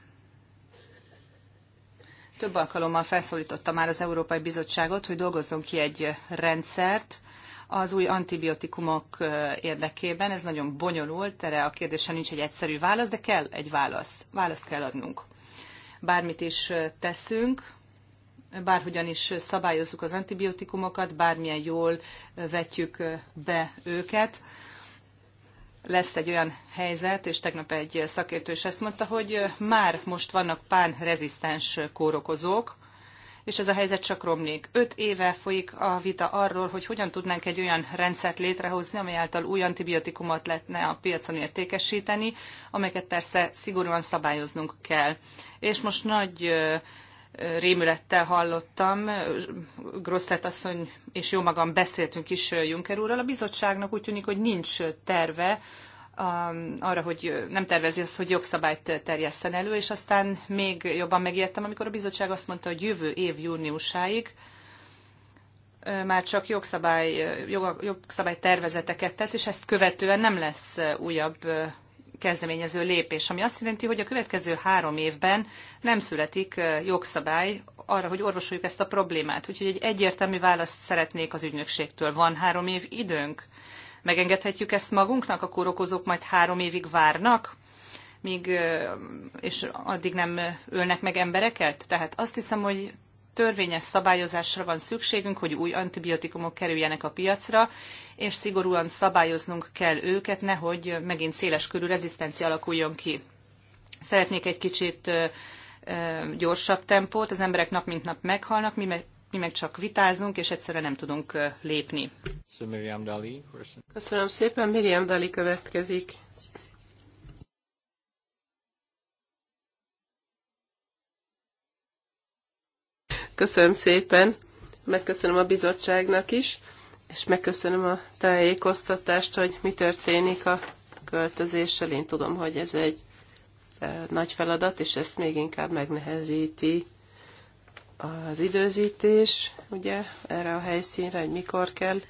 több alkalommal felszólította már az Európai Bizottságot, hogy dolgozzon ki egy rendszert az új antibiotikumok érdekében. Ez nagyon bonyolult, erre a kérdésre nincs egy egyszerű válasz, de kell egy válasz. Választ kell adnunk. Bármit is teszünk, bárhogyan is szabályozzuk az antibiotikumokat, bármilyen jól vetjük be őket, lesz egy olyan helyzet, és tegnap egy szakértő is ezt mondta, hogy már most vannak pánrezisztens rezisztens kórokozók, és ez a helyzet csak romlik. Öt éve folyik a vita arról, hogy hogyan tudnánk egy olyan rendszert létrehozni, amely által új antibiotikumot lehetne a piacon értékesíteni, amelyeket persze szigorúan szabályoznunk kell. És most nagy rémülettel hallottam. Grosztát asszony és jó magam beszéltünk is Juncker úrral. A bizottságnak úgy tűnik, hogy nincs terve um, arra, hogy nem tervezi azt, hogy jogszabályt terjesszen elő, és aztán még jobban megijedtem, amikor a bizottság azt mondta, hogy jövő év júniusáig már csak jogszabály, jog, jogszabálytervezeteket tesz, és ezt követően nem lesz újabb kezdeményező lépés, ami azt jelenti, hogy a következő három évben nem születik jogszabály arra, hogy orvosoljuk ezt a problémát. Úgyhogy egy egyértelmű választ szeretnék az ügynökségtől. Van három év időnk. Megengedhetjük ezt magunknak, a kórokozók majd három évig várnak, míg, és addig nem ölnek meg embereket? Tehát azt hiszem, hogy törvényes szabályozásra van szükségünk, hogy új antibiotikumok kerüljenek a piacra, és szigorúan szabályoznunk kell őket, nehogy megint széles körű rezisztencia alakuljon ki. Szeretnék egy kicsit gyorsabb tempót, az emberek nap mint nap meghalnak, mi meg, mi meg csak vitázunk, és egyszerűen nem tudunk lépni. Köszönöm szépen, Miriam Dali következik. Köszönöm szépen, megköszönöm a bizottságnak is, és megköszönöm a tájékoztatást, hogy mi történik a költözéssel. Én tudom, hogy ez egy e, nagy feladat, és ezt még inkább megnehezíti az időzítés, ugye, erre a helyszínre, hogy mikor kell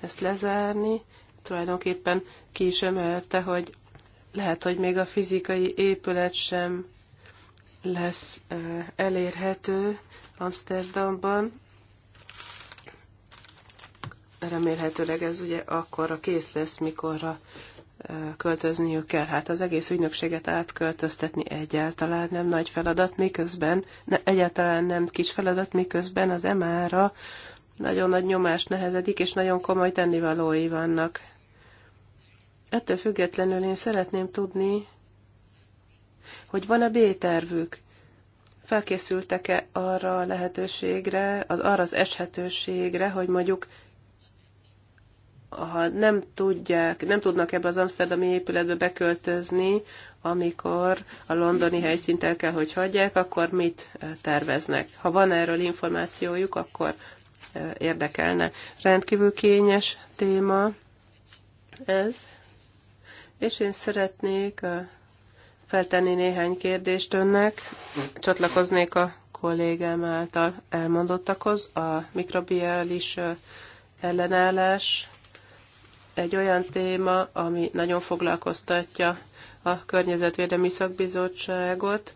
ezt lezárni. Tulajdonképpen ki is emelte, hogy lehet, hogy még a fizikai épület sem lesz e, elérhető, Amsterdamban. Remélhetőleg ez ugye akkorra kész lesz, mikorra költözniük kell. Hát az egész ügynökséget átköltöztetni egyáltalán nem nagy feladat, miközben, ne, egyáltalán nem kis feladat, miközben az MR-ra nagyon nagy nyomás nehezedik, és nagyon komoly tennivalói vannak. Ettől függetlenül én szeretném tudni, hogy van-e B-tervük, felkészültek-e arra a lehetőségre, az, arra az eshetőségre, hogy mondjuk ha nem tudják, nem tudnak ebbe az amsterdami épületbe beköltözni, amikor a londoni helyszínt el kell, hogy hagyják, akkor mit eh, terveznek? Ha van erről információjuk, akkor eh, érdekelne. Rendkívül kényes téma ez, és én szeretnék eh, feltenni néhány kérdést önnek. Csatlakoznék a kollégám által elmondottakhoz. A mikrobiális ellenállás egy olyan téma, ami nagyon foglalkoztatja a Környezetvédelmi Szakbizottságot,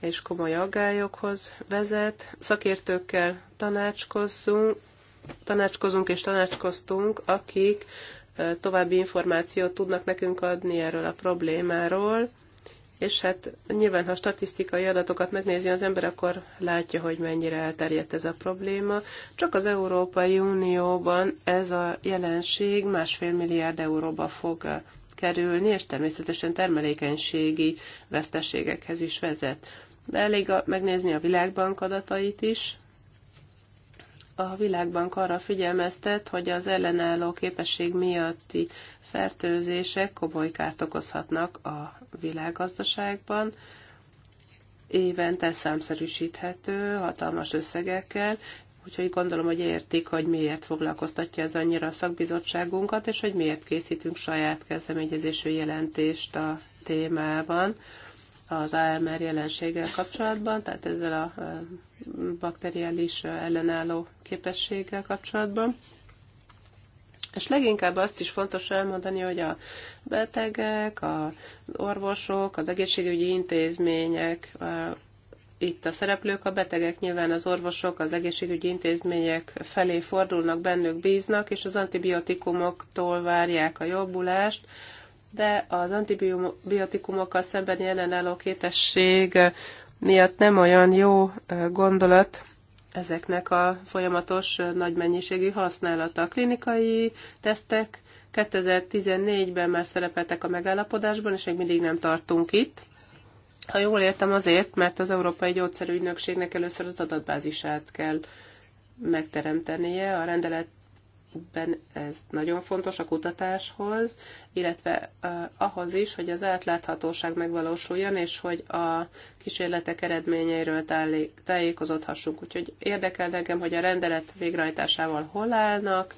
és komoly aggályokhoz vezet. Szakértőkkel tanácskozzunk, tanácskozunk és tanácskoztunk, akik további információt tudnak nekünk adni erről a problémáról, és hát nyilván, ha statisztikai adatokat megnézi az ember, akkor látja, hogy mennyire elterjedt ez a probléma. Csak az Európai Unióban ez a jelenség másfél milliárd euróba fog eh, kerülni, és természetesen termelékenységi veszteségekhez is vezet. De elég a, megnézni a Világbank adatait is, a Világbank arra figyelmeztet, hogy az ellenálló képesség miatti fertőzések komoly kárt okozhatnak a világgazdaságban. Évente számszerűsíthető hatalmas összegekkel, úgyhogy gondolom, hogy értik, hogy miért foglalkoztatja ez annyira a szakbizottságunkat, és hogy miért készítünk saját kezdeményezésű jelentést a témában az AMR jelenséggel kapcsolatban, tehát ezzel a bakteriális ellenálló képességgel kapcsolatban. És leginkább azt is fontos elmondani, hogy a betegek, az orvosok, az egészségügyi intézmények, itt a szereplők, a betegek nyilván az orvosok, az egészségügyi intézmények felé fordulnak, bennük bíznak, és az antibiotikumoktól várják a jobbulást, de az antibiotikumokkal szemben jelenálló képesség miatt nem olyan jó gondolat ezeknek a folyamatos nagy mennyiségű használata. A klinikai tesztek 2014-ben már szerepeltek a megállapodásban, és még mindig nem tartunk itt. Ha jól értem azért, mert az Európai Gyógyszerügynökségnek először az adatbázisát kell megteremtenie a rendelet ben ez nagyon fontos a kutatáshoz, illetve uh, ahhoz is, hogy az átláthatóság megvalósuljon, és hogy a kísérletek eredményeiről tájékozódhassunk. Úgyhogy érdekel nekem, hogy a rendelet végrehajtásával hol állnak,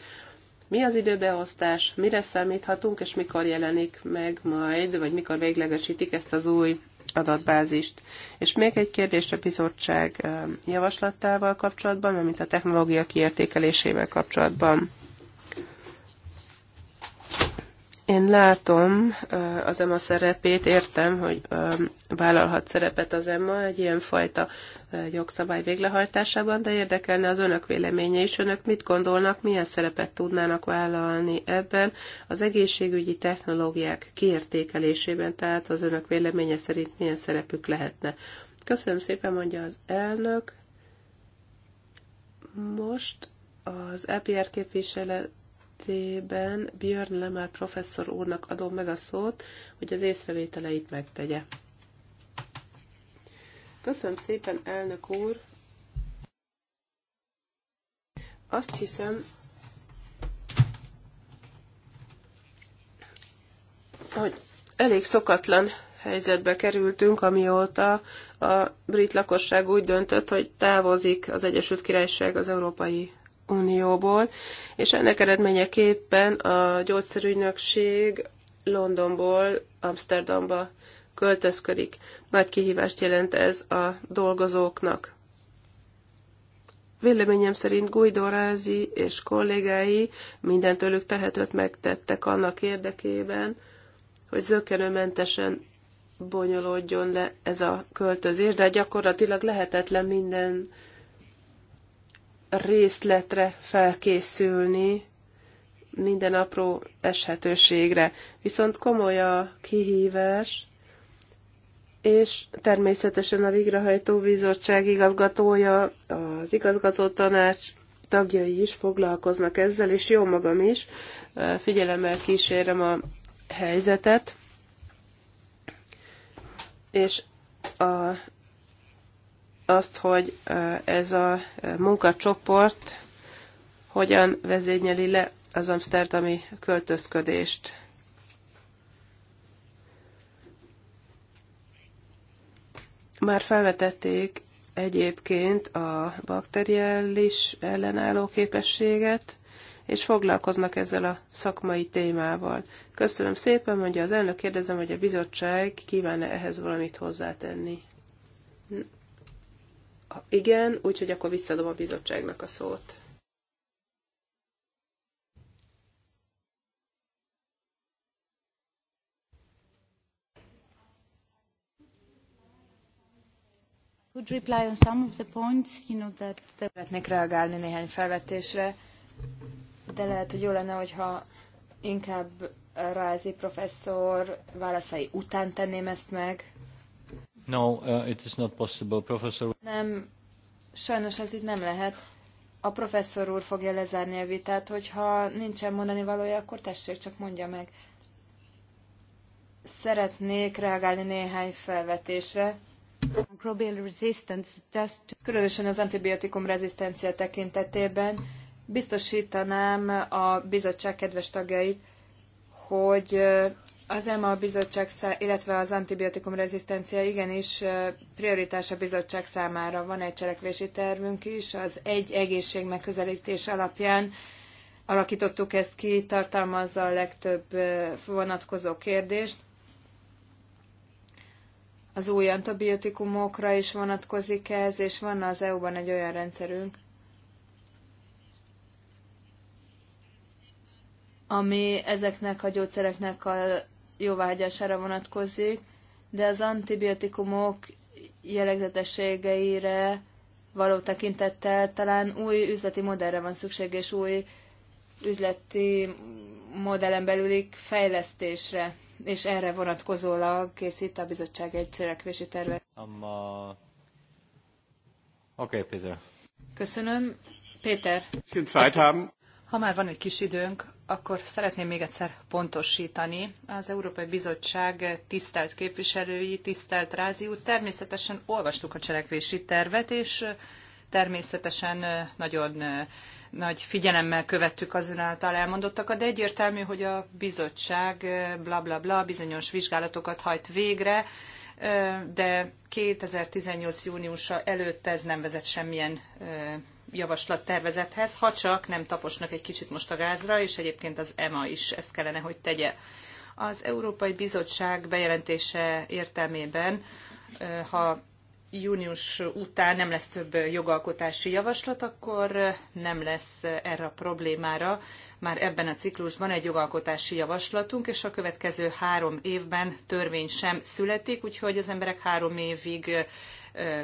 mi az időbeosztás, mire számíthatunk, és mikor jelenik meg majd, vagy mikor véglegesítik ezt az új adatbázist. És még egy kérdés a bizottság javaslatával kapcsolatban, mint a technológia kiértékelésével kapcsolatban. Én látom az EMA szerepét, értem, hogy vállalhat szerepet az EMA egy ilyen fajta jogszabály végrehajtásában, de érdekelne az önök véleménye is. Önök mit gondolnak, milyen szerepet tudnának vállalni ebben az egészségügyi technológiák kiértékelésében, tehát az önök véleménye szerint milyen szerepük lehetne. Köszönöm szépen, mondja az elnök. Most az EPR képviselet esetében Björn Lemár professzor úrnak adom meg a szót, hogy az észrevételeit megtegye. Köszönöm szépen, elnök úr! Azt hiszem, hogy elég szokatlan helyzetbe kerültünk, amióta a brit lakosság úgy döntött, hogy távozik az Egyesült Királyság az Európai Unióból, és ennek eredményeképpen a gyógyszerügynökség Londonból Amsterdamba költözködik. Nagy kihívást jelent ez a dolgozóknak. Véleményem szerint Guido Rázi és kollégái mindentőlük tehetőt megtettek annak érdekében, hogy zökkenőmentesen bonyolódjon le ez a költözés, de gyakorlatilag lehetetlen minden részletre felkészülni, minden apró eshetőségre. Viszont komoly a kihívás, és természetesen a Vigrahajtó bizottság igazgatója, az igazgató tanács tagjai is foglalkoznak ezzel, és jó magam is figyelemmel kísérem a helyzetet, és a azt, hogy ez a munkacsoport hogyan vezényeli le az amsterdami költözködést. Már felvetették egyébként a bakteriális ellenálló képességet, és foglalkoznak ezzel a szakmai témával. Köszönöm szépen, mondja az elnök, kérdezem, hogy a bizottság kíván-e ehhez valamit hozzátenni. Igen, úgyhogy akkor visszadom a bizottságnak a szót. Could reply on some of the points, you know, that the... Szeretnék reagálni néhány felvetésre, de lehet, hogy jó lenne, hogyha inkább Rázi professzor válaszai után tenném ezt meg. No, uh, it is not possible, professor. Nem, sajnos ez itt nem lehet. A professzor úr fogja lezárni a vitát, hogyha nincsen mondani valója, akkor tessék, csak mondja meg. Szeretnék reagálni néhány felvetésre. Különösen az antibiotikum rezisztencia tekintetében biztosítanám a bizottság kedves tagjait, hogy az EMA bizottság, szá- illetve az antibiotikum rezisztencia igenis prioritás a bizottság számára. Van egy cselekvési tervünk is, az egy egészség megközelítés alapján alakítottuk ezt ki, tartalmazza a legtöbb vonatkozó kérdést. Az új antibiotikumokra is vonatkozik ez, és van az EU-ban egy olyan rendszerünk, ami ezeknek a gyógyszereknek a jóvágyására vonatkozik, de az antibiotikumok jellegzetességeire való tekintettel talán új üzleti modellre van szükség, és új üzleti modellen belüli fejlesztésre, és erre vonatkozólag készít a bizottság egy cselekvési tervet. Um, uh... Oké, okay, Péter. Köszönöm. Péter. Ha már van egy kis időnk, akkor szeretném még egyszer pontosítani. Az Európai Bizottság tisztelt képviselői, tisztelt Rázi úr, természetesen olvastuk a cselekvési tervet, és természetesen nagyon nagy figyelemmel követtük az ön által elmondottakat, de egyértelmű, hogy a bizottság bla bla, bla, bizonyos vizsgálatokat hajt végre, de 2018. júniusa előtt ez nem vezet semmilyen javaslat tervezethez, ha csak nem taposnak egy kicsit most a gázra, és egyébként az EMA is ezt kellene, hogy tegye. Az Európai Bizottság bejelentése értelmében, ha június után nem lesz több jogalkotási javaslat, akkor nem lesz erre a problémára már ebben a ciklusban egy jogalkotási javaslatunk, és a következő három évben törvény sem születik, úgyhogy az emberek három évig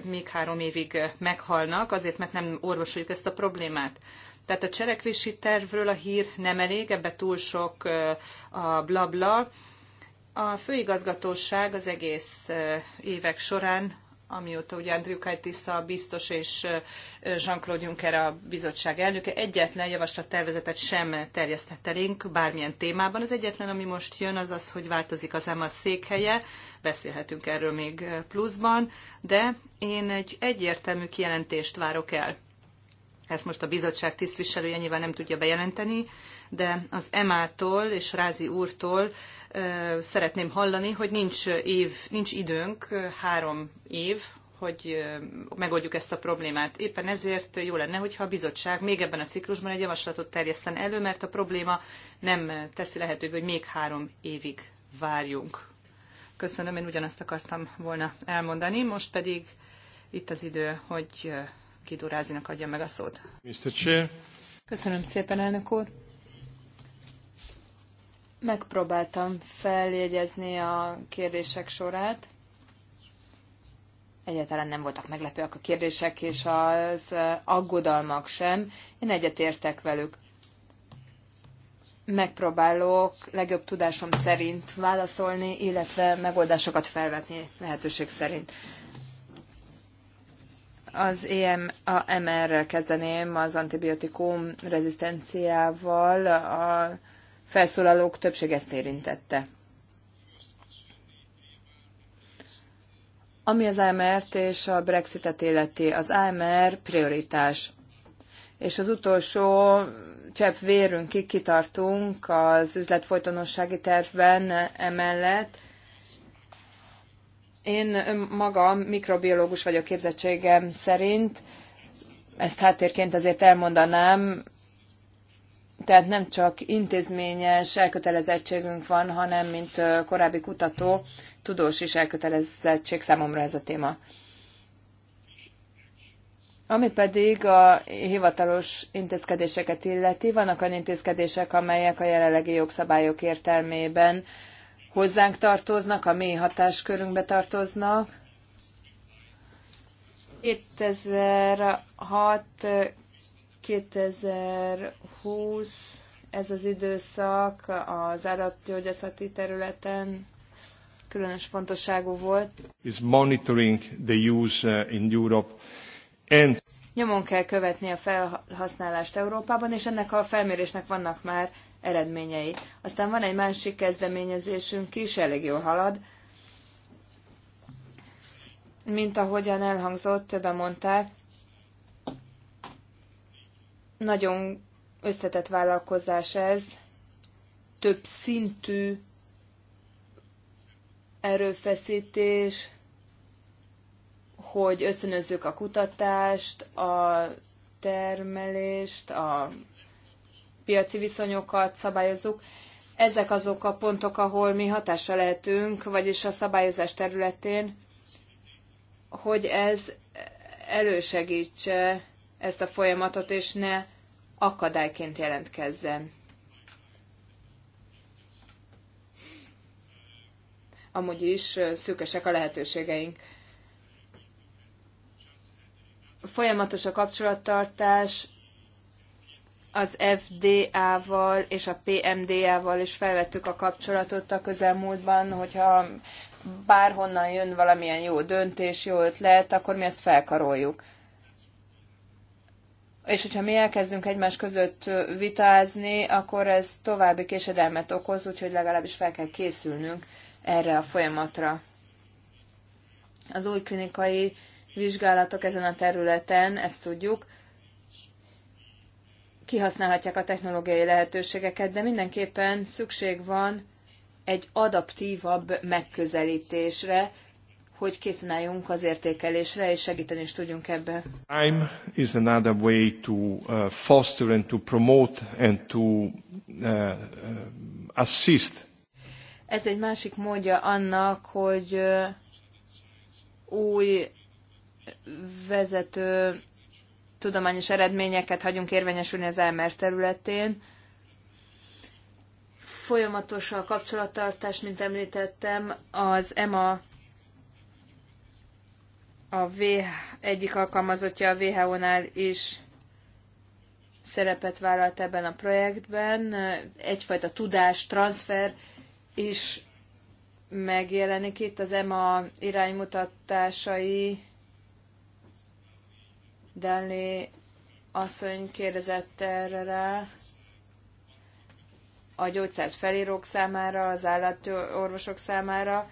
még három évig meghalnak, azért, mert nem orvosoljuk ezt a problémát. Tehát a cselekvési tervről a hír nem elég, ebbe túl sok a blabla. -bla. A főigazgatóság az egész évek során amióta ugye Andrew a biztos és Jean-Claude Juncker a bizottság elnöke egyetlen javaslattervezetet sem terjesztett elénk bármilyen témában. Az egyetlen, ami most jön, az az, hogy változik az EMA székhelye, beszélhetünk erről még pluszban, de én egy egyértelmű kijelentést várok el ezt most a bizottság tisztviselője nyilván nem tudja bejelenteni, de az EMA-tól és Rázi úrtól ö, szeretném hallani, hogy nincs, év, nincs időnk, három év, hogy megoldjuk ezt a problémát. Éppen ezért jó lenne, hogyha a bizottság még ebben a ciklusban egy javaslatot terjeszten elő, mert a probléma nem teszi lehetővé, hogy még három évig várjunk. Köszönöm, én ugyanazt akartam volna elmondani, most pedig itt az idő, hogy Guido Rázinak adja meg a szót. Mr. Chair. Köszönöm szépen, elnök úr. Megpróbáltam feljegyezni a kérdések sorát. Egyáltalán nem voltak meglepőek a kérdések és az aggodalmak sem. Én egyetértek velük. Megpróbálok legjobb tudásom szerint válaszolni, illetve megoldásokat felvetni lehetőség szerint. Az EMR-rel kezdeném, az antibiotikum rezisztenciával a felszólalók többség ezt érintette. Ami az AMR-t és a Brexitet illeti, az AMR prioritás. És az utolsó csepp vérünkig kitartunk az üzletfolytonossági tervben emellett, én magam mikrobiológus vagyok képzettségem szerint, ezt háttérként azért elmondanám, tehát nem csak intézményes elkötelezettségünk van, hanem mint korábbi kutató, tudós is elkötelezettség számomra ez a téma. Ami pedig a hivatalos intézkedéseket illeti, vannak olyan intézkedések, amelyek a jelenlegi jogszabályok értelmében hozzánk tartoznak, a mi hatáskörünkbe tartoznak. 2006-2020 ez az időszak az állatgyógyászati területen különös fontosságú volt. Is monitoring the use uh, in Europe and Nyomon kell követni a felhasználást Európában, és ennek a felmérésnek vannak már eredményei. Aztán van egy másik kezdeményezésünk is, elég jól halad. Mint ahogyan elhangzott, többen mondták, nagyon összetett vállalkozás ez, több szintű erőfeszítés, hogy ösztönözzük a kutatást, a termelést, a piaci viszonyokat szabályozzuk. Ezek azok a pontok, ahol mi hatásra lehetünk, vagyis a szabályozás területén, hogy ez elősegítse ezt a folyamatot, és ne akadályként jelentkezzen. Amúgy is szűkösek a lehetőségeink. Folyamatos a kapcsolattartás, az FDA-val és a PMDA-val is felvettük a kapcsolatot a közelmúltban, hogyha bárhonnan jön valamilyen jó döntés, jó ötlet, akkor mi ezt felkaroljuk. És hogyha mi elkezdünk egymás között vitázni, akkor ez további késedelmet okoz, úgyhogy legalábbis fel kell készülnünk erre a folyamatra. Az új klinikai vizsgálatok ezen a területen, ezt tudjuk, kihasználhatják a technológiai lehetőségeket, de mindenképpen szükség van egy adaptívabb megközelítésre, hogy készen álljunk az értékelésre, és segíteni is tudjunk ebbe. Time is another way to uh, foster and to promote and to uh, uh, assist. Ez egy másik módja annak, hogy új vezető tudományos eredményeket hagyunk érvényesülni az elmer területén. Folyamatos a kapcsolattartás, mint említettem, az EMA a v, egyik alkalmazottja a WHO-nál is szerepet vállalt ebben a projektben. Egyfajta tudás, transfer is megjelenik itt. Az EMA iránymutatásai Dalli asszony kérdezett erre rá, a gyógyszert felírók számára, az állatorvosok számára.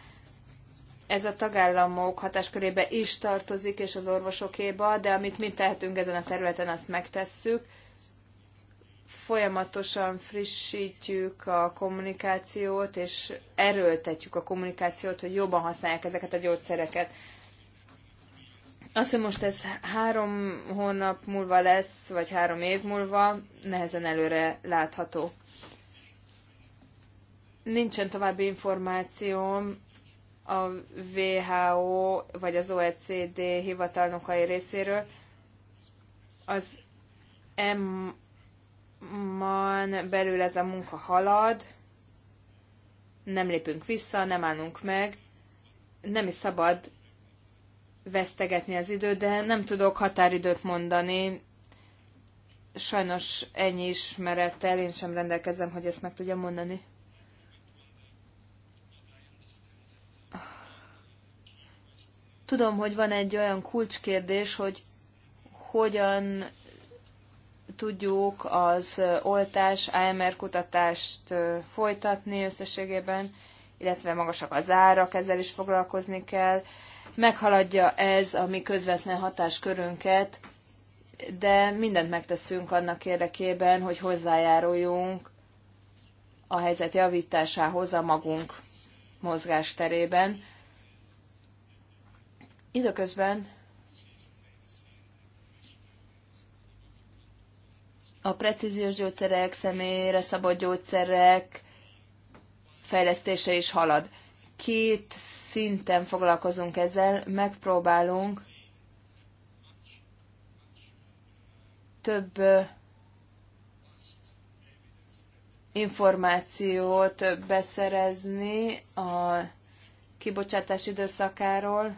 Ez a tagállamok hatáskörébe is tartozik, és az orvosokéba, de amit mi tehetünk ezen a területen, azt megtesszük. Folyamatosan frissítjük a kommunikációt, és erőltetjük a kommunikációt, hogy jobban használják ezeket a gyógyszereket. Az, hogy most ez három hónap múlva lesz, vagy három év múlva, nehezen előre látható. Nincsen további információm a WHO vagy az OECD hivatalnokai részéről. Az EMMAN belül ez a munka halad, nem lépünk vissza, nem állunk meg, nem is szabad vesztegetni az időt, de nem tudok határidőt mondani. Sajnos ennyi ismerettel én sem rendelkezem, hogy ezt meg tudjam mondani. Tudom, hogy van egy olyan kulcskérdés, hogy hogyan tudjuk az oltás, AMR kutatást folytatni összességében, illetve magasak az árak, ezzel is foglalkozni kell meghaladja ez a mi közvetlen hatáskörünket, de mindent megteszünk annak érdekében, hogy hozzájáruljunk a helyzet javításához a magunk mozgásterében. Időközben a precíziós gyógyszerek, személyre szabott gyógyszerek fejlesztése is halad. Két szinten foglalkozunk ezzel, megpróbálunk több információt beszerezni a kibocsátás időszakáról.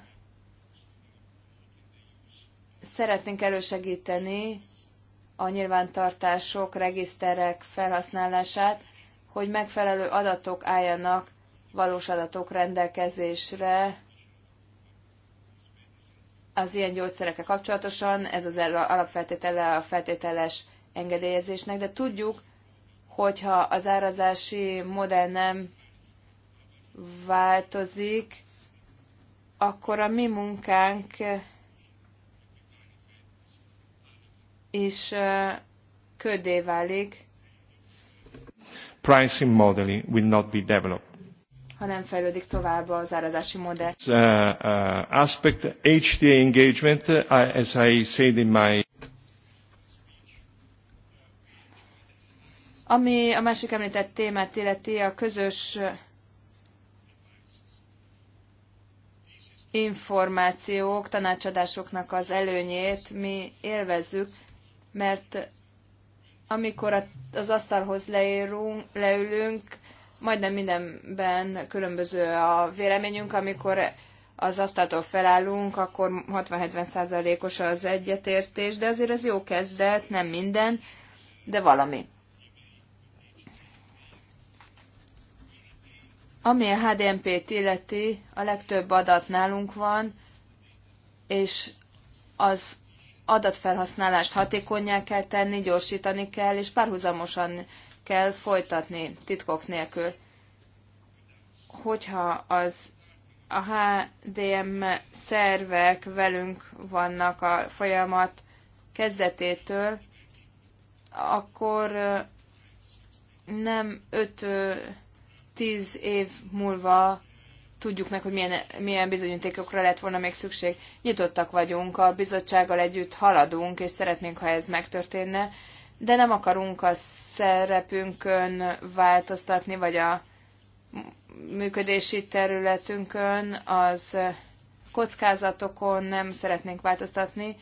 Szeretnénk elősegíteni a nyilvántartások, regiszterek felhasználását, hogy megfelelő adatok álljanak valós adatok rendelkezésre az ilyen gyógyszerekkel kapcsolatosan, ez az alapfeltétele a feltételes engedélyezésnek, de tudjuk, hogyha az árazási modell nem változik, akkor a mi munkánk is ködé válik. Pricing modeling will not be developed ha nem fejlődik tovább az árazási modell. Uh, uh, aspect HDA engagement, uh, as I said in my Ami a másik említett témát illeti a közös információk, tanácsadásoknak az előnyét mi élvezzük, mert amikor az asztalhoz leérünk, leülünk, majdnem mindenben különböző a véleményünk, amikor az asztaltól felállunk, akkor 60-70 százalékos az egyetértés, de azért ez jó kezdet, nem minden, de valami. Ami a HDMP-t illeti, a legtöbb adat nálunk van, és az adatfelhasználást hatékonyá kell tenni, gyorsítani kell, és párhuzamosan kell folytatni titkok nélkül. Hogyha az a HDM szervek velünk vannak a folyamat kezdetétől, akkor nem 5-10 év múlva tudjuk meg, hogy milyen, milyen bizonyítékokra lett volna még szükség. Nyitottak vagyunk, a bizottsággal együtt haladunk, és szeretnénk, ha ez megtörténne, de nem akarunk a szerepünkön változtatni, vagy a működési területünkön, az kockázatokon nem szeretnénk változtatni,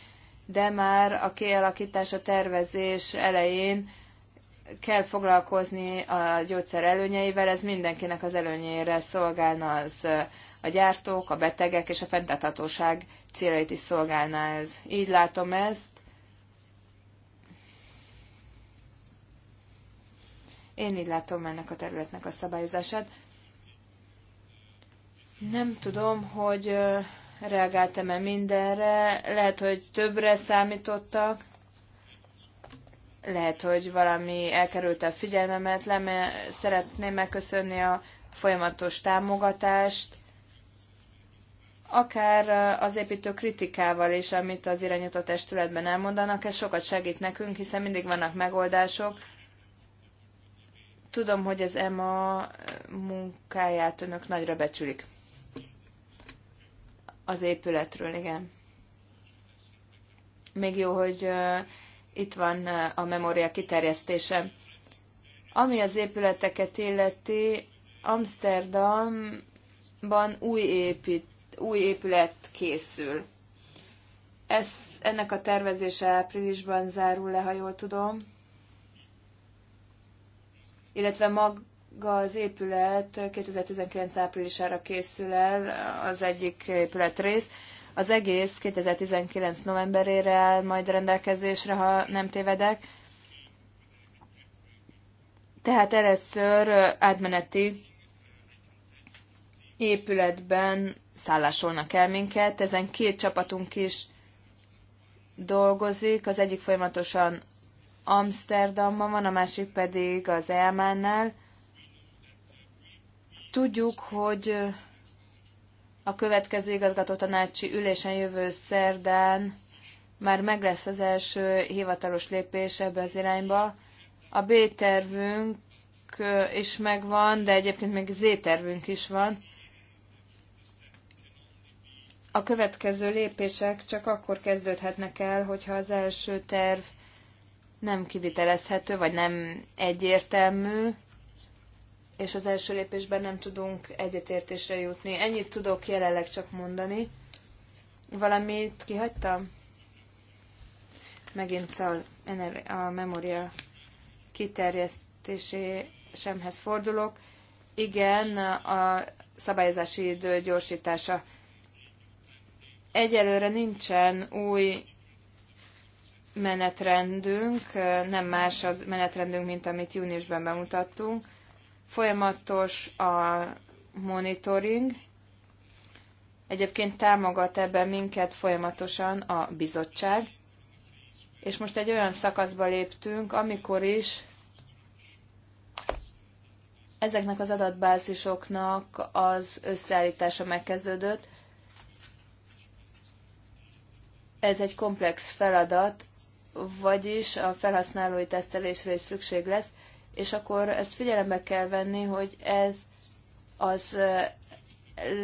de már a kialakítás, a tervezés elején kell foglalkozni a gyógyszer előnyeivel, ez mindenkinek az előnyére szolgálna az a gyártók, a betegek és a fenntarthatóság céljait is szolgálná ez. Így látom ezt, Én így látom ennek a területnek a szabályozását. Nem tudom, hogy reagáltam-e mindenre, lehet, hogy többre számítottak, lehet, hogy valami elkerült a figyelmemet, leme, szeretném megköszönni a folyamatos támogatást, akár az építő kritikával is, amit az irányított testületben elmondanak, ez sokat segít nekünk, hiszen mindig vannak megoldások, Tudom, hogy az EMA munkáját önök nagyra becsülik. Az épületről, igen. Még jó, hogy itt van a memória kiterjesztése. Ami az épületeket illeti, Amsterdamban új, épít, új épület készül. Ez, ennek a tervezése áprilisban zárul le, ha jól tudom illetve maga az épület 2019 áprilisára készül el az egyik épületrész. Az egész 2019 novemberére áll majd rendelkezésre, ha nem tévedek. Tehát először átmeneti épületben szállásolnak el minket. Ezen két csapatunk is dolgozik, az egyik folyamatosan Amsterdamban van, a másik pedig az Elmánnál. Tudjuk, hogy a következő igazgató tanácsi ülésen jövő szerdán már meg lesz az első hivatalos lépés ebbe az irányba. A B-tervünk is megvan, de egyébként még Z-tervünk is van. A következő lépések csak akkor kezdődhetnek el, hogyha az első terv nem kivitelezhető, vagy nem egyértelmű, és az első lépésben nem tudunk egyetértésre jutni. Ennyit tudok jelenleg csak mondani. Valamit kihagytam? Megint a, e a memória kiterjesztésemhez fordulok. Igen, a szabályozási idő gyorsítása. Egyelőre nincsen új menetrendünk, nem más a menetrendünk, mint amit júniusban bemutattunk. Folyamatos a monitoring. Egyébként támogat ebben minket folyamatosan a bizottság. És most egy olyan szakaszba léptünk, amikor is ezeknek az adatbázisoknak az összeállítása megkezdődött. Ez egy komplex feladat, vagyis a felhasználói tesztelésre is szükség lesz, és akkor ezt figyelembe kell venni, hogy ez az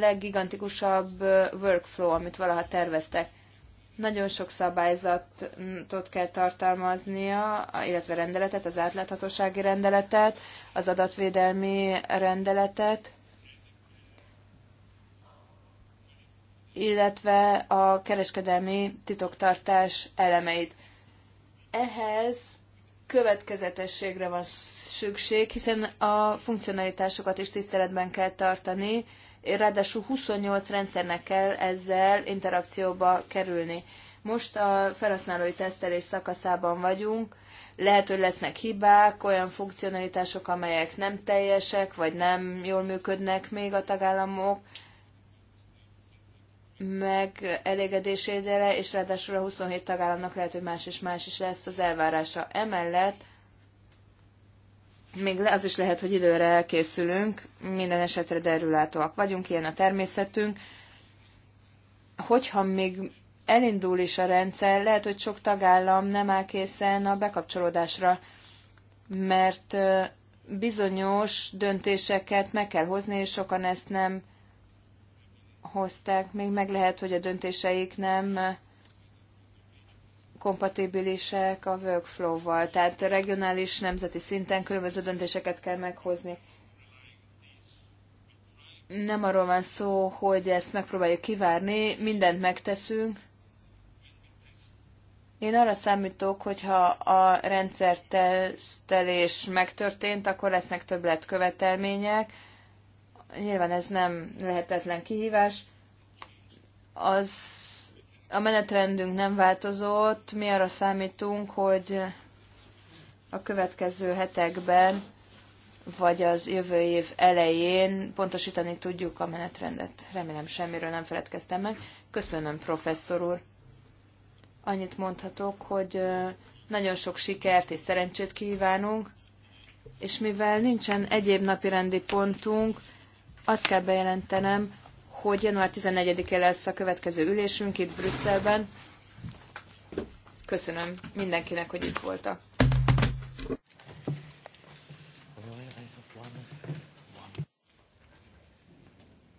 leggigantikusabb workflow, amit valaha terveztek. Nagyon sok szabályzatot kell tartalmaznia, illetve rendeletet, az átláthatósági rendeletet, az adatvédelmi rendeletet, illetve a kereskedelmi titoktartás elemeit. Ehhez következetességre van szükség, hiszen a funkcionalitásokat is tiszteletben kell tartani, ráadásul 28 rendszernek kell ezzel interakcióba kerülni. Most a felhasználói tesztelés szakaszában vagyunk, lehet, hogy lesznek hibák, olyan funkcionalitások, amelyek nem teljesek, vagy nem jól működnek még a tagállamok megelégedésére, és ráadásul a 27 tagállamnak lehet, hogy más és más is lesz az elvárása. Emellett még az is lehet, hogy időre elkészülünk, minden esetre derülátóak vagyunk, ilyen a természetünk. Hogyha még elindul is a rendszer, lehet, hogy sok tagállam nem áll készen a bekapcsolódásra, mert bizonyos döntéseket meg kell hozni, és sokan ezt nem hozták, még meg lehet, hogy a döntéseik nem kompatibilisek a workflow-val. Tehát regionális, nemzeti szinten különböző döntéseket kell meghozni. Nem arról van szó, hogy ezt megpróbáljuk kivárni, mindent megteszünk. Én arra számítok, hogy ha a rendszertesztelés megtörtént, akkor lesznek többletkövetelmények, követelmények, Nyilván ez nem lehetetlen kihívás. Az a menetrendünk nem változott, mi arra számítunk, hogy a következő hetekben, vagy az jövő év elején pontosítani tudjuk a menetrendet. Remélem semmiről nem feledkeztem meg. Köszönöm, professzor úr. Annyit mondhatok, hogy nagyon sok sikert és szerencsét kívánunk, és mivel nincsen egyéb napi rendi pontunk, azt kell bejelentenem, hogy január 14-én lesz a következő ülésünk itt Brüsszelben. Köszönöm mindenkinek, hogy itt voltak.